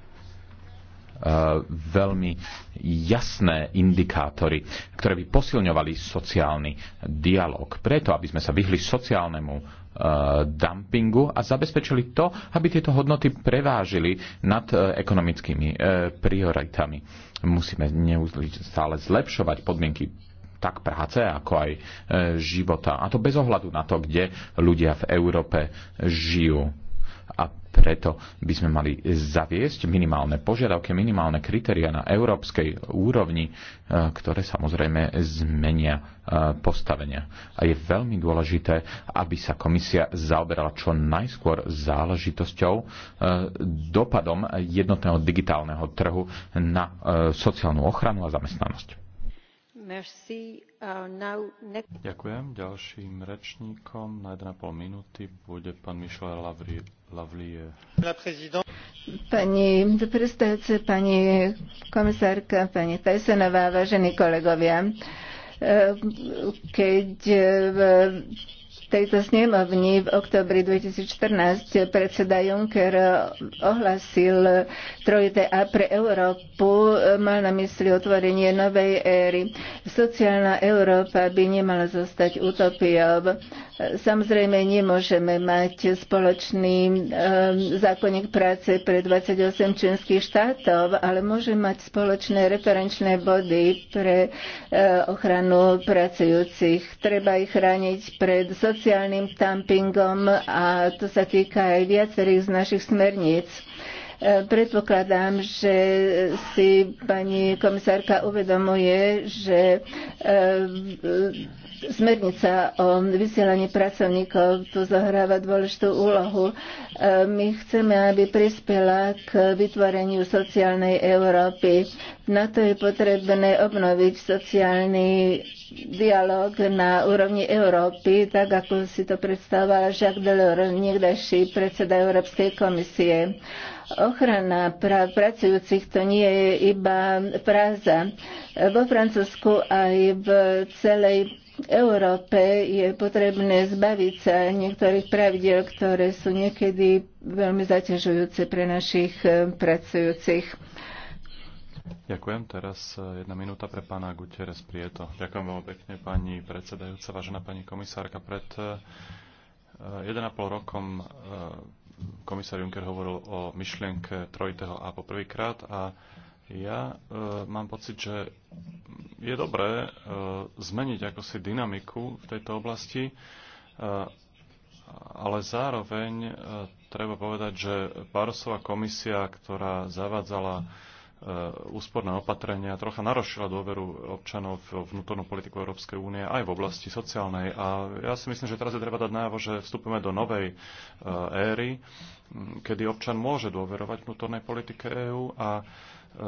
E, veľmi jasné indikátory, ktoré by posilňovali sociálny dialog. Preto, aby sme sa vyhli sociálnemu e, dumpingu a zabezpečili to, aby tieto hodnoty prevážili nad e, ekonomickými prioritami. Musíme stále zlepšovať podmienky tak práce, ako aj života. A to bez ohľadu na to, kde ľudia v Európe žijú. A preto by sme mali zaviesť minimálne požiadavky, minimálne kritéria na európskej úrovni, e, ktoré samozrejme zmenia e, postavenia. A je veľmi dôležité, aby sa komisia zaoberala čo najskôr záležitosťou e, dopadom jednotného digitálneho trhu na sociálnu ochranu a zamestnanosť. Merci. Uh, now, Ďakujem. Ďalším rečníkom na 1,5 minúty bude pán Mišel Lavrie Eh. Pani predstavujúca, pani komisárka, pani Tajsenová, vážení kolegovia, eh, keď eh, tejto snemovni v oktobri 2014 predseda Juncker ohlasil trojité A pre Európu, mal na mysli otvorenie novej éry. Sociálna Európa by nemala zostať utopiou. Samozrejme, nemôžeme mať spoločný um, zákonník práce pre 28 členských štátov, ale môžeme mať spoločné referenčné body pre uh, ochranu pracujúcich. Treba ich chrániť pred sociálnym sociálnym dumpingom a to sa týka aj viacerých z našich smerníc. E, predpokladám, že si pani komisárka uvedomuje, že e, Smernica o vysielaní pracovníkov tu zahráva dôležitú úlohu. E, my chceme, aby prispela k vytvoreniu sociálnej Európy. Na to je potrebné obnoviť sociálny dialog na úrovni Európy, tak ako si to predstavoval Jacques Delors, niekdajší predseda Európskej komisie. Ochrana práv pracujúcich to nie je iba práza. E, vo Francúzsku aj v celej Európe je potrebné zbaviť sa niektorých pravidel, ktoré sú niekedy veľmi zaťažujúce pre našich eh, pracujúcich. Ďakujem. Teraz eh, jedna minúta pre pána Gutierrez Prieto. Ďakujem veľmi pekne, pani predsedajúca, vážená pani komisárka. Pred 1,5 eh, rokom komisár Juncker hovoril o myšlienke trojitého A poprvýkrát a ja e, mám pocit, že je dobré e, zmeniť ako si dynamiku v tejto oblasti, e, ale zároveň e, treba povedať, že Barosová komisia, ktorá zavádzala e, úsporné opatrenia, trocha narošila dôveru občanov v vnútornú politiku Európskej únie aj v oblasti sociálnej. A ja si myslím, že teraz je treba dať najavo, že vstupujeme do novej e, éry, kedy občan môže dôverovať vnútornej politike EÚ a E,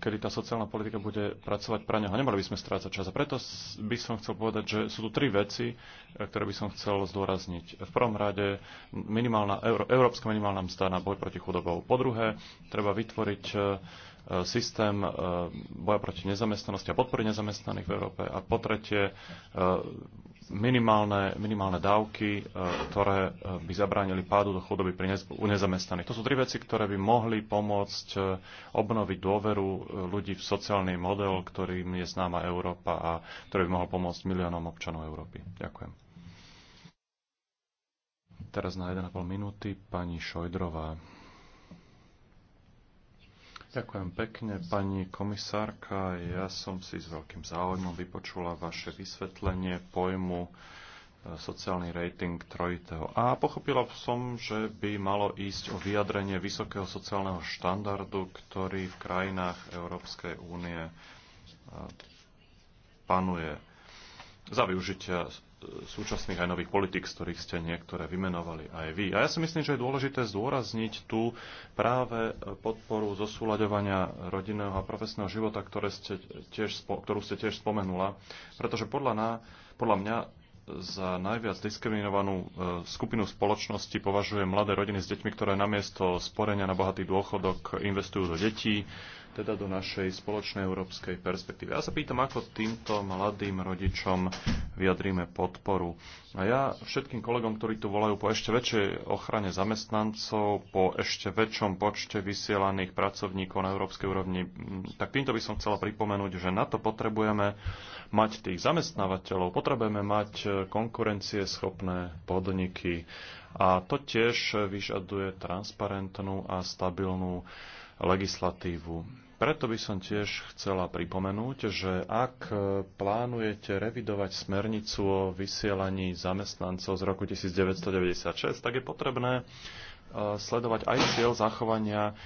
kedy tá sociálna politika bude pracovať pre neho. Nemali by sme strácať čas. A preto by som chcel povedať, že sú tu tri veci, e, ktoré by som chcel zdôrazniť. V prvom rade minimálna, euro, európska minimálna mzda na boj proti chudobou. Po druhé, treba vytvoriť e, systém boja proti nezamestnanosti a podpory nezamestnaných v Európe. A po tretie, minimálne, minimálne dávky, e, ktoré e, by zabránili pádu do chudoby pri nezamestnaných. To sú tri veci, ktoré by mohli pomôcť e, obnoviť dôveru ľudí v sociálny model, ktorým je známa Európa a ktorý by mohol pomôcť miliónom občanov Európy. Ďakujem. Teraz na 1,5 minúty pani Šojdrová. Ďakujem pekne, pani komisárka. Ja som si s veľkým záujmom vypočula vaše vysvetlenie pojmu e, sociálny rating trojitého. A pochopila som, že by malo ísť o vyjadrenie vysokého sociálneho štandardu, ktorý v krajinách Európskej únie e, panuje za využitia E, súčasných aj nových politik, z ktorých ste niektoré vymenovali aj vy. A ja si myslím, že je dôležité zdôrazniť tu práve podporu zosúľaďovania rodinného a profesného života, ktoré ste tiež, ktorú ste tiež spomenula, pretože podľa, ná, podľa mňa za najviac diskriminovanú e, skupinu spoločnosti považuje mladé rodiny s deťmi, ktoré namiesto sporenia na bohatý dôchodok investujú do detí, teda do našej spoločnej európskej perspektívy. Ja sa pýtam, ako týmto mladým rodičom vyjadríme podporu. A ja všetkým kolegom, ktorí tu volajú po ešte väčšej ochrane zamestnancov, po ešte väčšom počte vysielaných pracovníkov na európskej úrovni, mm, tak týmto by som chcela pripomenúť, že na to potrebujeme mať tých zamestnávateľov, potrebujeme mať konkurencieschopné podniky. A to tiež vyžaduje transparentnú a stabilnú legislatívu. Preto by som tiež chcela pripomenúť, že ak e, plánujete revidovať smernicu o vysielaní zamestnancov z roku 1996, tak je potrebné e, sledovať aj cieľ zachovania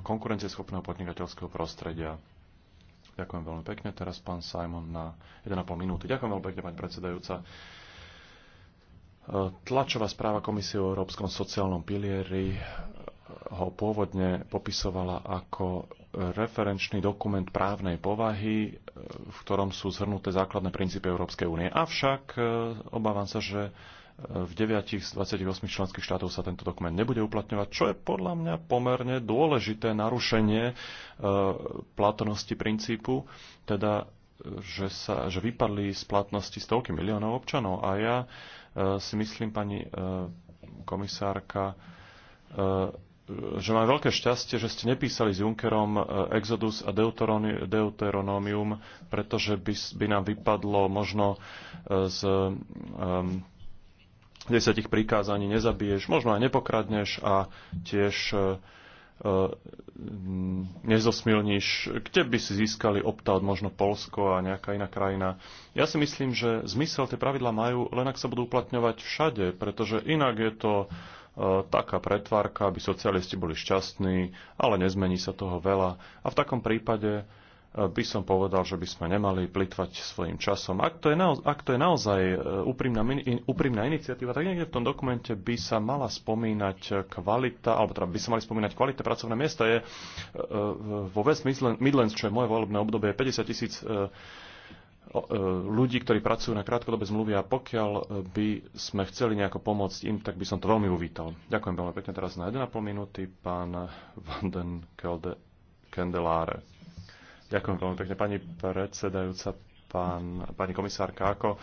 konkurencieschopného podnikateľského prostredia. Ďakujem veľmi pekne. Teraz pán Simon na 1,5 minúty. Ďakujem veľmi pekne, pani predsedajúca. E, tlačová správa Komisie o Európskom sociálnom pilieri ho pôvodne popisovala ako referenčný dokument právnej povahy, e, v ktorom sú zhrnuté základné princípy Európskej únie. Avšak e, obávam sa, že e, v 9 z 28 členských štátov sa tento dokument nebude uplatňovať, čo je podľa mňa pomerne dôležité narušenie platnosti princípu, teda že, sa, že vypadli z platnosti stovky miliónov občanov. A ja si myslím, pani komisárka, že mám veľké šťastie, že ste nepísali s Junckerom e, Exodus a Deuteronomium, pretože by, by nám vypadlo možno e, z um, desiatich prikázaní nezabiješ, možno aj nepokradneš a tiež uh, nezosmilníš, kde by si získali optát možno Polsko a nejaká iná krajina. Ja si myslím, že zmysel tie pravidla majú, len ak sa budú uplatňovať všade, pretože inak je to taká pretvarka, aby socialisti boli šťastní, ale nezmení sa toho veľa. A v takom prípade eh, by som povedal, že by sme nemali plitvať svojim časom. Ak to je, naoz- ak to je naozaj eh, úprimná, úprimná iniciatíva, tak niekde v tom dokumente by sa mala spomínať kvalita, alebo teda by sa mali spomínať kvalita pracovné miesta. Je, eh, vo West Midlands, čo je moje volebné obdobie, 50 tisíc 000 E, ľudí, ktorí pracujú na krátkodobé zmluvy a pokiaľ e, by sme chceli nejako pomôcť im, tak by som to veľmi uvítal. Ďakujem veľmi pekne teraz na 1,5 minúty pán Vanden Kendelare. Kendeláre. Ďakujem veľmi pekne pani predsedajúca, pán, pani komisárka, ako,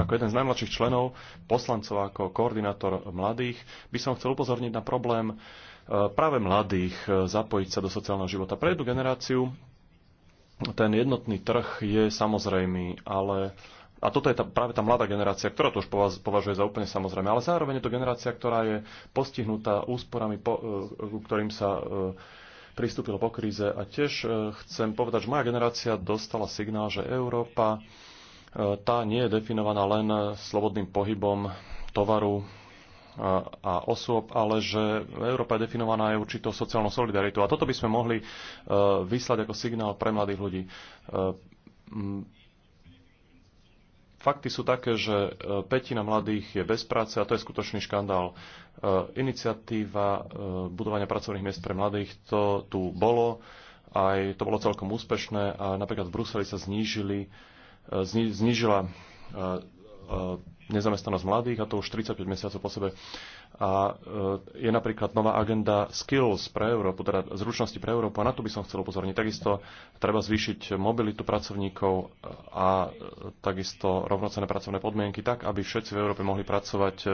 ako jeden z najmladších členov, poslancov, ako koordinátor mladých, by som chcel upozorniť na problém e, práve mladých zapojiť sa do sociálneho života. Pre jednu generáciu ten jednotný trh je samozrejmý, ale a toto je tá, práve tá mladá generácia, ktorá to už považuje za úplne samozrejme, ale zároveň je to generácia, ktorá je postihnutá úsporami, po, e, ktorým sa e, pristúpilo po kríze. A tiež e, chcem povedať, že moja generácia dostala signál, že Európa tá nie je definovaná len slobodným pohybom tovaru, a osôb, ale že Európa je definovaná aj určitou sociálnou solidaritou. A toto by sme mohli e, vyslať ako signál pre mladých ľudí. E, fakty sú také, že e, petina mladých je bez práce a to je skutočný škandál. Iniciatíva budovania pracovných miest pre mladých, to tu bolo, aj to bolo celkom úspešné a napríklad v Bruseli sa znížili, znížila nezamestnanosť mladých, a to už 35 mesiacov po sebe. A e, je napríklad nová agenda skills pre Európu, teda zručnosti pre Európu, a na to by som chcel upozorniť. Takisto treba zvýšiť mobilitu pracovníkov a e, takisto rovnocené pracovné podmienky tak, aby všetci v Európe mohli pracovať e,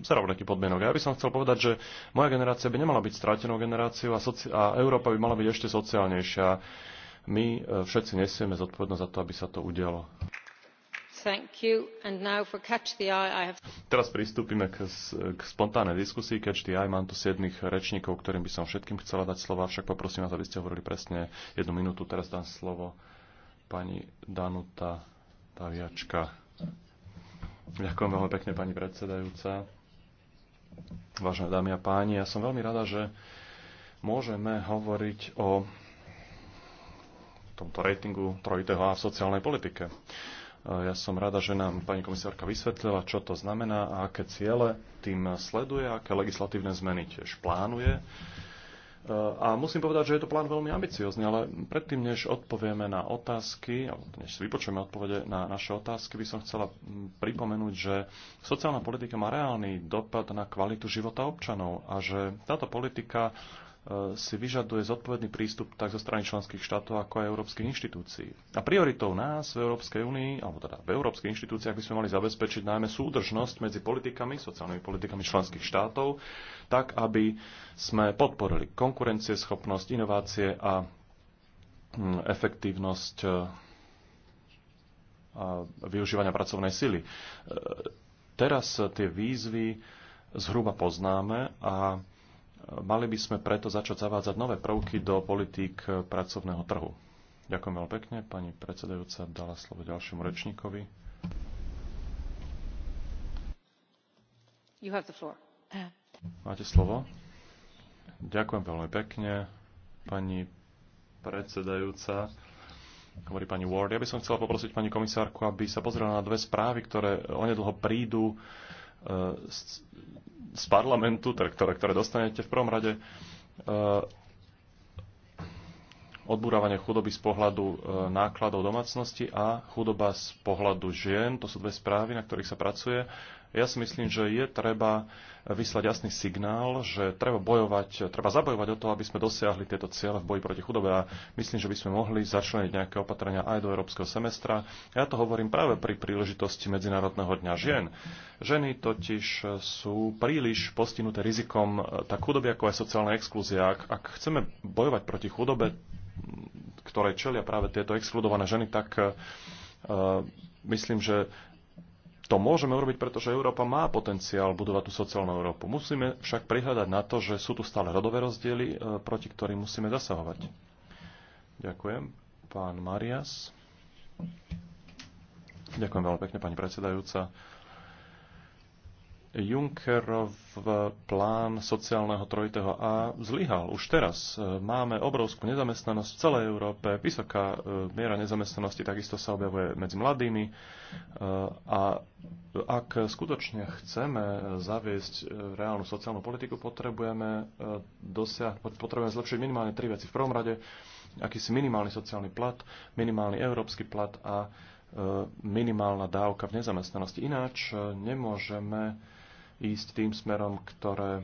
za rovnaký podmienok. Ja by som chcel povedať, že moja generácia by nemala byť strátenou generáciou a, a Európa by mala byť ešte sociálnejšia. My všetci nesieme zodpovednosť za to, aby sa to udialo. Teraz pristúpime k, k spontánnej diskusii. Catch the Eye. Mám tu siedmých rečníkov, ktorým by som všetkým chcela dať slovo, však poprosím vás, aby ste hovorili presne jednu minútu. Teraz dám slovo pani Danuta Taviačka. Ďakujem veľmi pekne, pani predsedajúca. Vážené dámy a páni, ja som veľmi rada, že môžeme hovoriť o tomto ratingu trojitého A v sociálnej politike. Ja som rada, že nám pani komisárka vysvetlila, čo to znamená a aké ciele tým sleduje, aké legislatívne zmeny tiež plánuje. A musím povedať, že je to plán veľmi ambiciózny, ale predtým, než odpovieme na otázky, než si vypočujeme odpovede na naše otázky, by som chcela pripomenúť, že sociálna politika má reálny dopad na kvalitu života občanov a že táto politika si vyžaduje zodpovedný prístup tak zo strany členských štátov, ako aj európskych inštitúcií. A prioritou nás v Európskej únii, alebo teda v európskych inštitúciách by sme mali zabezpečiť najmä súdržnosť medzi politikami, sociálnymi politikami členských štátov, tak aby sme podporili konkurencieschopnosť, inovácie a hm, efektívnosť e, a využívania pracovnej sily. E, teraz tie výzvy zhruba poznáme a Mali by sme preto začať zavádzať nové prvky do politík pracovného trhu. Ďakujem veľmi pekne. Pani predsedajúca dala slovo ďalšiemu rečníkovi. You have the floor. Máte slovo. Ďakujem veľmi pekne, pani predsedajúca. Hovorí pani Ward. Ja by som chcela poprosiť pani komisárku, aby sa pozrela na dve správy, ktoré onedlho prídu E, z, z parlamentu, teda, ktoré, ktoré dostanete v prvom rade, e, odburávanie chudoby z pohľadu e, nákladov domácnosti a chudoba z pohľadu žien. To sú dve správy, na ktorých sa pracuje. Ja si myslím, že je treba vyslať jasný signál, že treba bojovať, treba zabojovať o to, aby sme dosiahli tieto ciele v boji proti chudobe a myslím, že by sme mohli začleniť nejaké opatrenia aj do európskeho semestra. Ja to hovorím práve pri príležitosti Medzinárodného dňa žien. Ženy totiž sú príliš postihnuté rizikom e, tak chudoby, ako aj sociálna exklúzia. Ak, ak chceme bojovať proti chudobe, ktoré čelia práve tieto exkludované ženy, tak uh, myslím, že to môžeme urobiť, pretože Európa má potenciál budovať tú sociálnu Európu. Musíme však prihľadať na to, že sú tu stále rodové rozdiely, e, proti ktorým musíme zasahovať. Ďakujem. Pán Marias. Ďakujem veľmi pekne, pani predsedajúca. Junckerov plán sociálneho trojitého A zlyhal. Už teraz máme obrovskú nezamestnanosť v celej Európe, vysoká e, miera nezamestnanosti takisto sa objavuje medzi mladými e, a ak skutočne chceme zaviesť e, reálnu sociálnu politiku, potrebujeme, dosiah- potrebujeme zlepšiť minimálne tri veci. V prvom rade akýsi minimálny sociálny plat, minimálny európsky plat a minimálna dávka v nezamestnanosti. Ináč nemôžeme ísť tým smerom, ktoré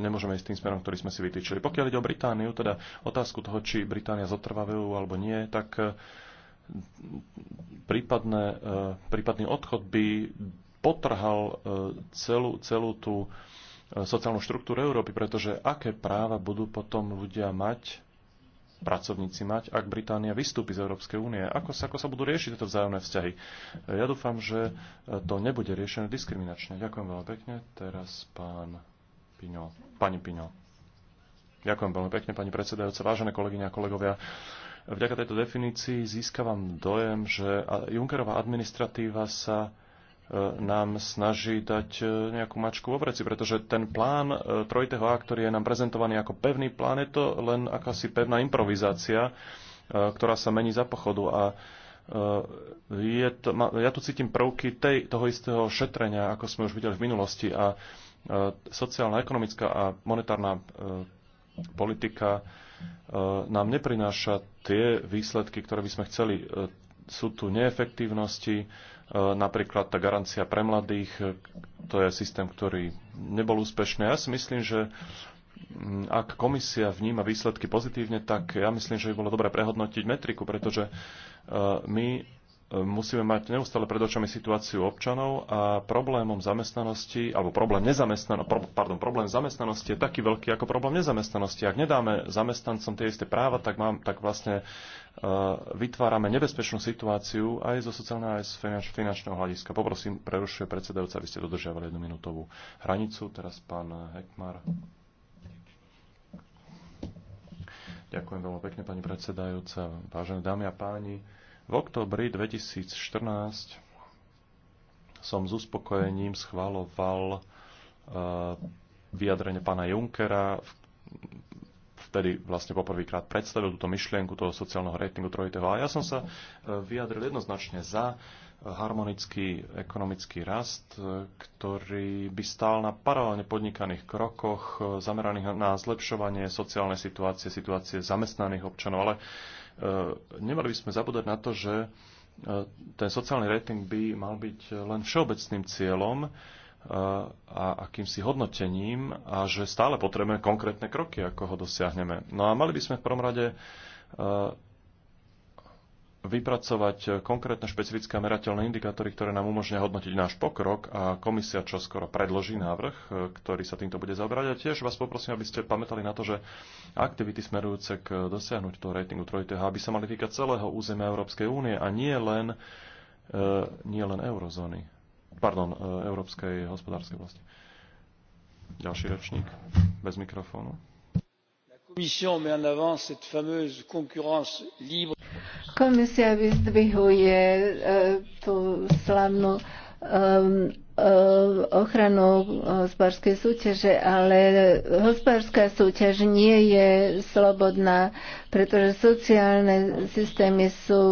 nemôžeme ísť tým smerom, ktorý sme si vytýčili. Pokiaľ ide o Britániu, teda otázku toho, či Británia zotrvajú alebo nie, tak e, prípadné, e, prípadný odchod by potrhal e, celú, celú tú sociálnu štruktúru Európy, pretože aké práva budú potom ľudia mať pracovníci mať, ak Británia vystúpi z Európskej únie? Ako sa, ako sa budú riešiť tieto vzájomné vzťahy? Ja dúfam, že to nebude riešené diskriminačne. Ďakujem veľmi pekne. Teraz pán Piňo. Pani Piňo. Ďakujem veľmi pekne, pani predsedajúca. Vážené kolegyne a kolegovia, vďaka tejto definícii získavam dojem, že Junckerová administratíva sa nám snaží dať e, nejakú mačku vo vreci, pretože ten plán e, trojitého A, ktorý je nám prezentovaný ako pevný plán, je to len akási pevná improvizácia, e, ktorá sa mení za pochodu. A je to, ja tu cítim prvky tej, toho istého šetrenia, ako sme už videli v minulosti. A sociálna, ekonomická a monetárna politika nám neprináša tie výsledky, ktoré by sme chceli. Sú tu neefektívnosti, E, napríklad tá garancia pre mladých, e, to je systém, ktorý nebol úspešný. Ja si myslím, že ak komisia vníma výsledky pozitívne, tak ja myslím, že by bolo dobre prehodnotiť metriku, pretože e, my musíme mať neustále pred očami situáciu občanov a problémom zamestnanosti, alebo problém, pro, pardon, problém zamestnanosti je taký veľký ako problém nezamestnanosti. Ak nedáme zamestnancom tie isté práva, tak, mám, tak vlastne uh, vytvárame nebezpečnú situáciu aj zo sociálneho, aj z finanč- finančného hľadiska. Poprosím, prerušuje predsedajúca, aby ste dodržiavali jednu minútovú hranicu. Teraz pán Hekmar. Ďakujem veľmi pekne, pani predsedajúca, vážené dámy a páni. V oktobri 2014 som s uspokojením schváloval e, vyjadrenie pána Junkera, vtedy vlastne poprvýkrát predstavil túto myšlienku toho sociálneho ratingu trojitého. A ja som sa e, vyjadril jednoznačne za harmonický ekonomický rast, e, ktorý by stál na paralelne podnikaných krokoch zameraných na zlepšovanie sociálnej situácie, situácie zamestnaných občanov. Ale E, nemali by sme zabúdať na to, že e, ten sociálny rating by mal byť len všeobecným cieľom e, a akýmsi hodnotením a že stále potrebujeme konkrétne kroky, ako ho dosiahneme. No a mali by sme v prvom rade vypracovať konkrétne špecifické merateľné indikátory, ktoré nám umožnia hodnotiť náš pokrok a komisia čo skoro predloží návrh, ktorý sa týmto bude zabrať. A tiež vás poprosím, aby ste pamätali na to, že aktivity smerujúce k dosiahnuť toho ratingu 3TH, aby sa mali týkať celého územia Európskej únie a nie len, e, nie len eurozóny. Pardon, e, Európskej hospodárskej vlasti. Ďalší rečník bez mikrofónu. La Commission met en avant cette fameuse concurrence libre Komisia vyzdvihuje e, tú slavnú e, ochranu hospodárskej súťaže, ale hospodárska súťaž nie je slobodná pretože sociálne systémy sú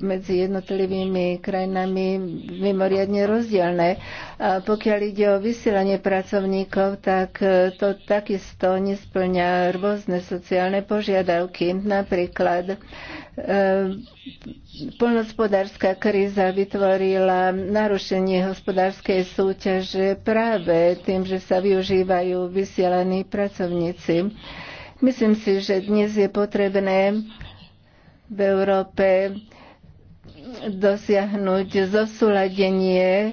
medzi jednotlivými krajinami mimoriadne rozdielne. A pokiaľ ide o vysielanie pracovníkov, tak e, to takisto nesplňa rôzne sociálne požiadavky. Napríklad e, Polnospodárska kríza vytvorila narušenie hospodárskej súťaže práve tým, že sa využívajú vysielaní pracovníci. Myslím si, že dnes je potrebné v Európe dosiahnuť zosúladenie eh,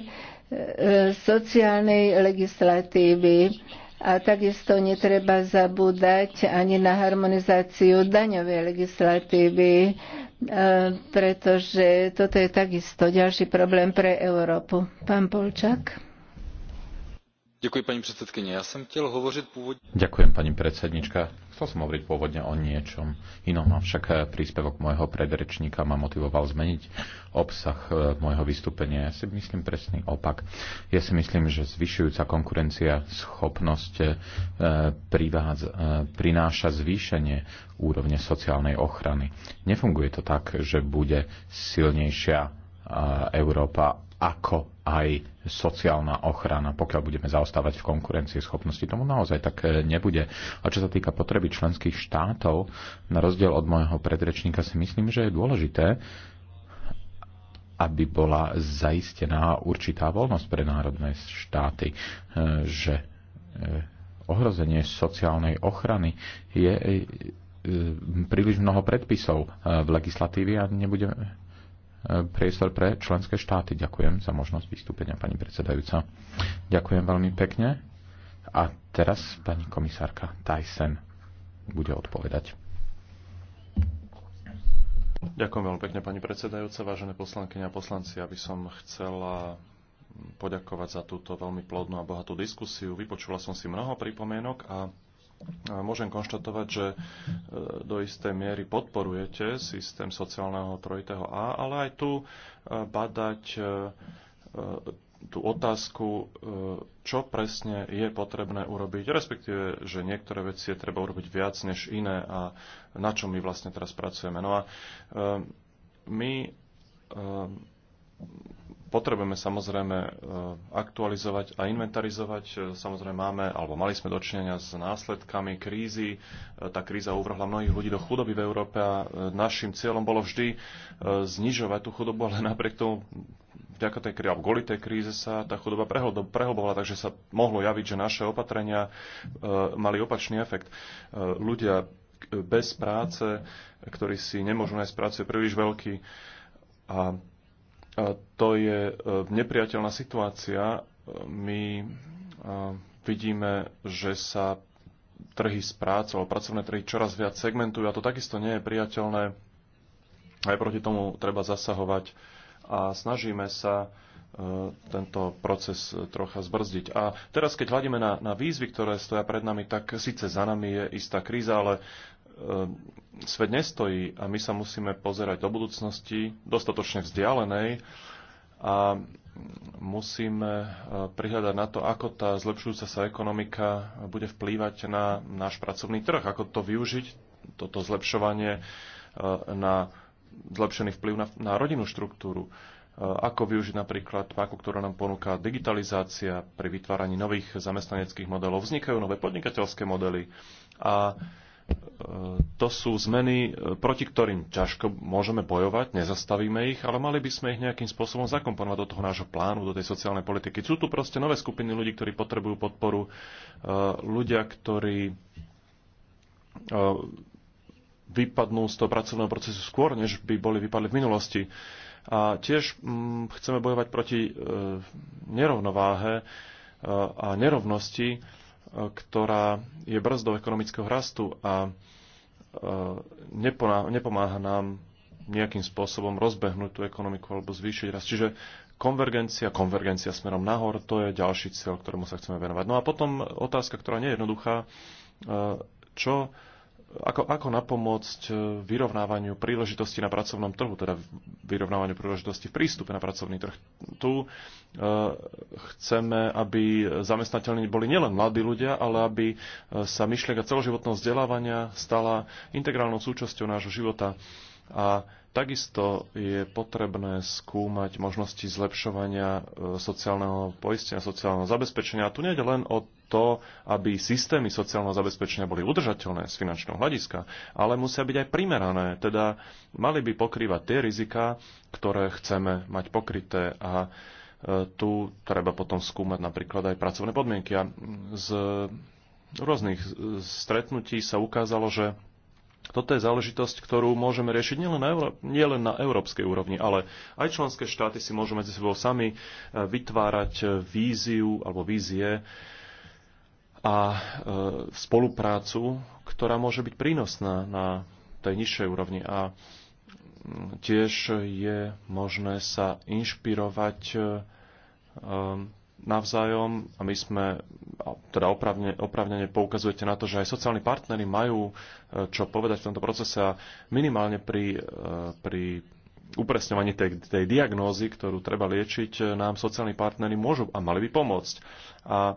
sociálnej legislatívy a takisto netreba zabúdať ani na harmonizáciu daňovej legislatívy, eh, pretože toto je takisto ďalší problém pre Európu. Pán Polčak. Ďakujem, pani Ja som pôvodne... Ďakujem, pani predsednička. Chcel som hovoriť pôvodne o niečom inom, avšak eh, príspevok môjho predrečníka ma motivoval zmeniť obsah eh, môjho vystúpenia. Ja si myslím presný opak. Ja si myslím, že zvyšujúca konkurencia schopnosť eh, prináša zvýšenie úrovne sociálnej ochrany. Nefunguje to tak, že bude silnejšia Európa ako aj sociálna ochrana, pokiaľ budeme zaostávať v konkurencie schopnosti. Tomu naozaj tak e, nebude. A čo sa týka potreby členských štátov, na rozdiel od môjho predrečníka si myslím, že je dôležité, aby bola zaistená určitá voľnosť pre národné štáty, e, že e, ohrozenie sociálnej ochrany je príliš mnoho predpisov v legislatíve a nebudeme, priestor pre členské štáty. Ďakujem za možnosť vystúpenia, pani predsedajúca. Ďakujem veľmi pekne. A teraz pani komisárka Tyson bude odpovedať. Ďakujem veľmi pekne, pani predsedajúca, vážené poslankyne a poslanci. Ja by som chcela poďakovať za túto veľmi plodnú a bohatú diskusiu. Vypočula som si mnoho pripomienok a môžem konštatovať, že e, do istej miery podporujete systém sociálneho trojitého A, ale aj tu e, badať e, tú otázku, čo presne je potrebné urobiť, respektíve, že niektoré veci je treba urobiť viac než iné a na čom my vlastne teraz pracujeme. No a my potrebujeme samozrejme e, aktualizovať a inventarizovať. E, samozrejme máme, alebo mali sme dočinenia s následkami krízy. E, tá kríza uvrhla mnohých ľudí do chudoby v Európe a našim cieľom bolo vždy znižovať tú chudobu, ale napriek tomu vďaka tej kríze, kvôli tej kríze sa tá chudoba prehlbovala, takže sa mohlo javiť, že naše opatrenia mali opačný efekt. Ľudia bez práce, ktorí si nemôžu nájsť prácu, je príliš veľký a to je e, nepriateľná situácia. E, my e, vidíme, že sa trhy s prácou, pracovné trhy čoraz viac segmentujú a to takisto nie je priateľné. Aj proti tomu treba zasahovať a snažíme sa tento proces trocha zbrzdiť. A teraz, keď hľadíme na, na výzvy, ktoré stoja pred nami, tak síce za nami je istá kríza, ale Ehm, svet nestojí a my sa musíme pozerať do budúcnosti dostatočne vzdialenej a musíme eh, prihľadať na to, ako tá zlepšujúca sa ekonomika bude vplývať na náš pracovný trh, ako to využiť, toto zlepšovanie eh, na zlepšený vplyv na, na rodinnú štruktúru, eh, ako využiť napríklad páku, ktorá nám ponúka digitalizácia pri vytváraní nových zamestnaneckých modelov, vznikajú nové podnikateľské modely a to sú zmeny, proti ktorým ťažko môžeme bojovať, nezastavíme ich, ale mali by sme ich nejakým spôsobom zakomponovať do toho nášho plánu, do tej sociálnej politiky. Sú tu proste nové skupiny ľudí, ktorí potrebujú podporu, e, ľudia, ktorí e, vypadnú z toho pracovného procesu skôr, než by boli vypadli v minulosti. A tiež mm, chceme bojovať proti e, nerovnováhe a nerovnosti, ktorá je brzdou ekonomického rastu a e, nepomáha nám nejakým spôsobom rozbehnúť tú ekonomiku alebo zvýšiť rast. Čiže konvergencia, konvergencia smerom nahor, to je ďalší cieľ, ktorému sa chceme venovať. No a potom otázka, ktorá nie je jednoduchá, e, čo ako, ako napomôcť e, vyrovnávaniu príležitosti na pracovnom trhu, teda vyrovnávaniu príležitosti v prístupe na pracovný trh. Tu e, chceme, aby zamestnateľní boli nielen mladí ľudia, ale aby e, sa myšlienka celoživotného vzdelávania stala integrálnou súčasťou nášho života. A Takisto je potrebné skúmať možnosti zlepšovania e, sociálneho poistenia, sociálneho zabezpečenia. A tu nejde len o to, aby systémy sociálneho zabezpečenia boli udržateľné z finančného hľadiska, ale musia byť aj primerané, teda mali by pokrývať tie rizika, ktoré chceme mať pokryté a e, tu treba potom skúmať napríklad aj pracovné podmienky. A z rôznych stretnutí sa ukázalo, že toto je záležitosť, ktorú môžeme riešiť nielen na, Euró- nielen na európskej úrovni, ale aj členské štáty si môžu medzi sebou sami e, vytvárať e, víziu alebo vízie a e, spoluprácu, ktorá môže byť prínosná na tej nižšej úrovni. A tiež je možné sa inšpirovať e, navzájom a my sme, teda opravne, opravnene poukazujete na to, že aj sociálni partnery majú e, čo povedať v tomto procese a minimálne pri, e, pri upresňovaní tej, tej diagnózy, ktorú treba liečiť, e, nám sociálni partnery môžu a mali by pomôcť. A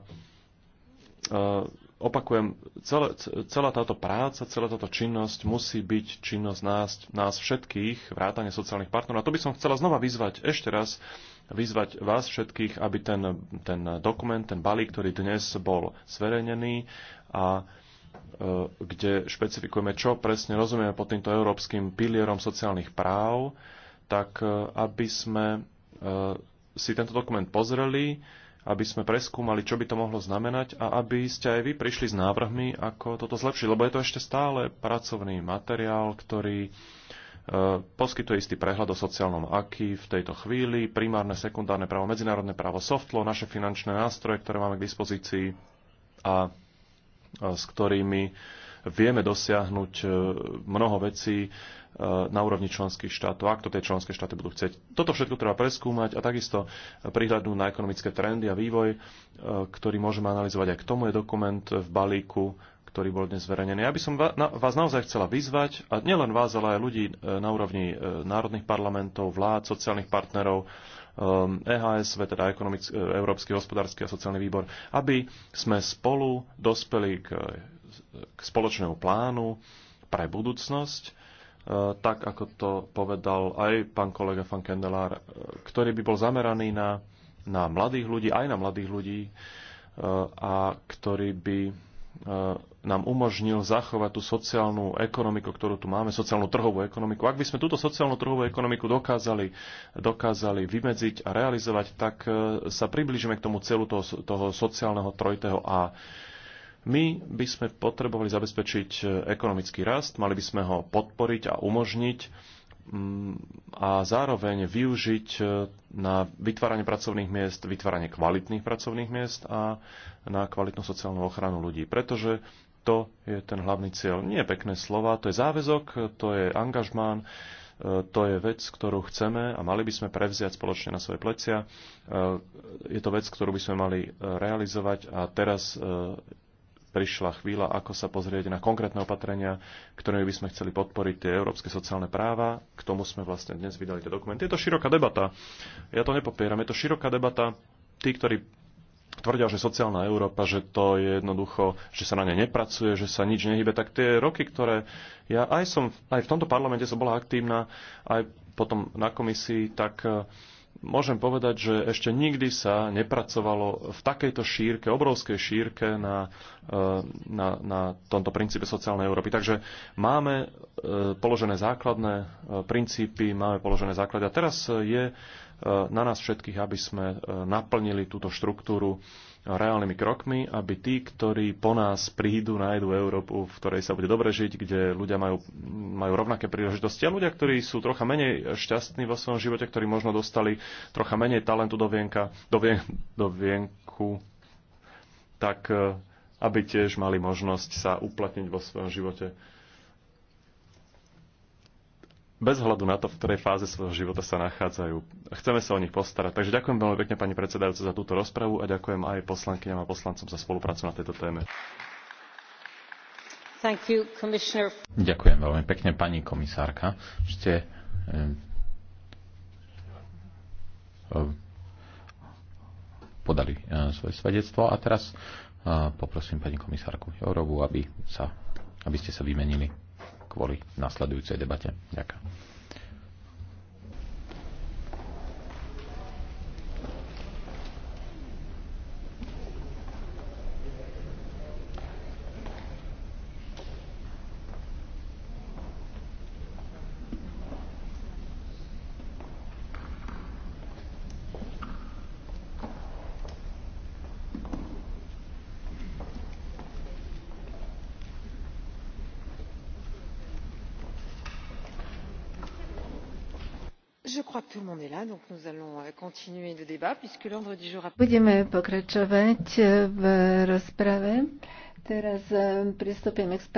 opakujem, celé, celá táto práca, celá táto činnosť musí byť činnosť nás, nás všetkých, vrátane sociálnych partnerov. A to by som chcela znova vyzvať ešte raz vyzvať vás všetkých, aby ten, ten dokument, ten balík, ktorý dnes bol zverejnený a e, kde špecifikujeme, čo presne rozumieme pod týmto európskym pilierom sociálnych práv, tak e, aby sme e, si tento dokument pozreli, aby sme preskúmali, čo by to mohlo znamenať a aby ste aj vy prišli s návrhmi, ako toto zlepšiť. Lebo je to ešte stále pracovný materiál, ktorý E, poskytuje istý prehľad o sociálnom aký v tejto chvíli, primárne, sekundárne právo, medzinárodné právo, softlo, naše finančné nástroje, ktoré máme k dispozícii a e, s ktorými vieme dosiahnuť e, mnoho vecí na úrovni členských štátov, ak to tie členské štáty budú chcieť. Toto všetko treba preskúmať a takisto prihľadnúť na ekonomické trendy a vývoj, ktorý môžeme analyzovať aj k tomu je dokument v balíku ktorý bol dnes zverejnený. Ja by som vás naozaj chcela vyzvať, a nielen vás, ale aj ľudí e, na úrovni e, národných parlamentov, vlád, sociálnych partnerov, um, EHSV, teda e, Európsky hospodársky a sociálny výbor, aby sme spolu dospeli k, k spoločnému plánu pre budúcnosť, tak ako to povedal aj pán kolega Fan Kendelár, ktorý by bol zameraný na, na mladých ľudí, aj na mladých ľudí, a ktorý by E, nám umožnil zachovať tú sociálnu ekonomiku, ktorú tu máme, sociálnu trhovú ekonomiku. Ak by sme túto sociálnu trhovú ekonomiku dokázali, dokázali vymedziť a realizovať, tak e, sa približíme k tomu celu toho, toho sociálneho trojteho A. My by sme potrebovali zabezpečiť e, ekonomický rast, mali by sme ho podporiť a umožniť Mm, a zároveň využiť e, na vytváranie pracovných miest, vytváranie kvalitných pracovných miest a na kvalitnú sociálnu ochranu ľudí. Pretože to je ten hlavný cieľ. Nie pekné slova, to je záväzok, to je angažmán, e, to je vec, ktorú chceme a mali by sme prevziať spoločne na svoje plecia. E, je to vec, ktorú by sme mali realizovať a teraz prišla chvíľa, ako sa pozrieť na konkrétne opatrenia, ktorými by sme chceli podporiť tie európske sociálne práva. K tomu sme vlastne dnes vydali tie dokumenty. Je to široká debata. Ja to nepopieram. Je to široká debata. Tí, ktorí tvrdia, že sociálna Európa, že to je jednoducho, že sa na ne nepracuje, že sa nič nehybe, tak tie roky, ktoré ja aj som, aj v tomto parlamente som bola aktívna, aj potom na komisii, tak uh, môžem povedať, že ešte nikdy sa nepracovalo v takejto šírke, obrovskej šírke na, e, na, na tomto princípe sociálnej Európy. Takže máme e, položené základné e, princípy, máme položené základy. A teraz je na nás všetkých, aby sme naplnili túto štruktúru No, reálnymi krokmi, aby tí, ktorí po nás prídu, nájdu Európu, v ktorej sa bude dobre žiť, kde ľudia majú, majú rovnaké príležitosti. A ľudia, ktorí sú trocha menej šťastní vo svojom živote, ktorí možno dostali trocha menej talentu do, vienka, do, vien, do vienku, tak eh, aby tiež mali možnosť sa uplatniť vo svojom živote bez hľadu na to, v ktorej fáze svojho života sa nachádzajú. Chceme sa o nich postarať. Takže ďakujem veľmi pekne pani predsedajúca za túto rozpravu a ďakujem aj poslankyňam a poslancom za spoluprácu na tejto téme. Thank you, Ďakujem veľmi pekne pani komisárka. Ste eh, podali eh, svoje svedectvo a teraz eh, poprosím pani komisárku Jourovú, aby, sa, aby ste sa vymenili kvôli nasledujúcej debate. Ďakujem. Euh, Budeme pokračovať euh, v rozprave. Teraz euh, pristúpime k správe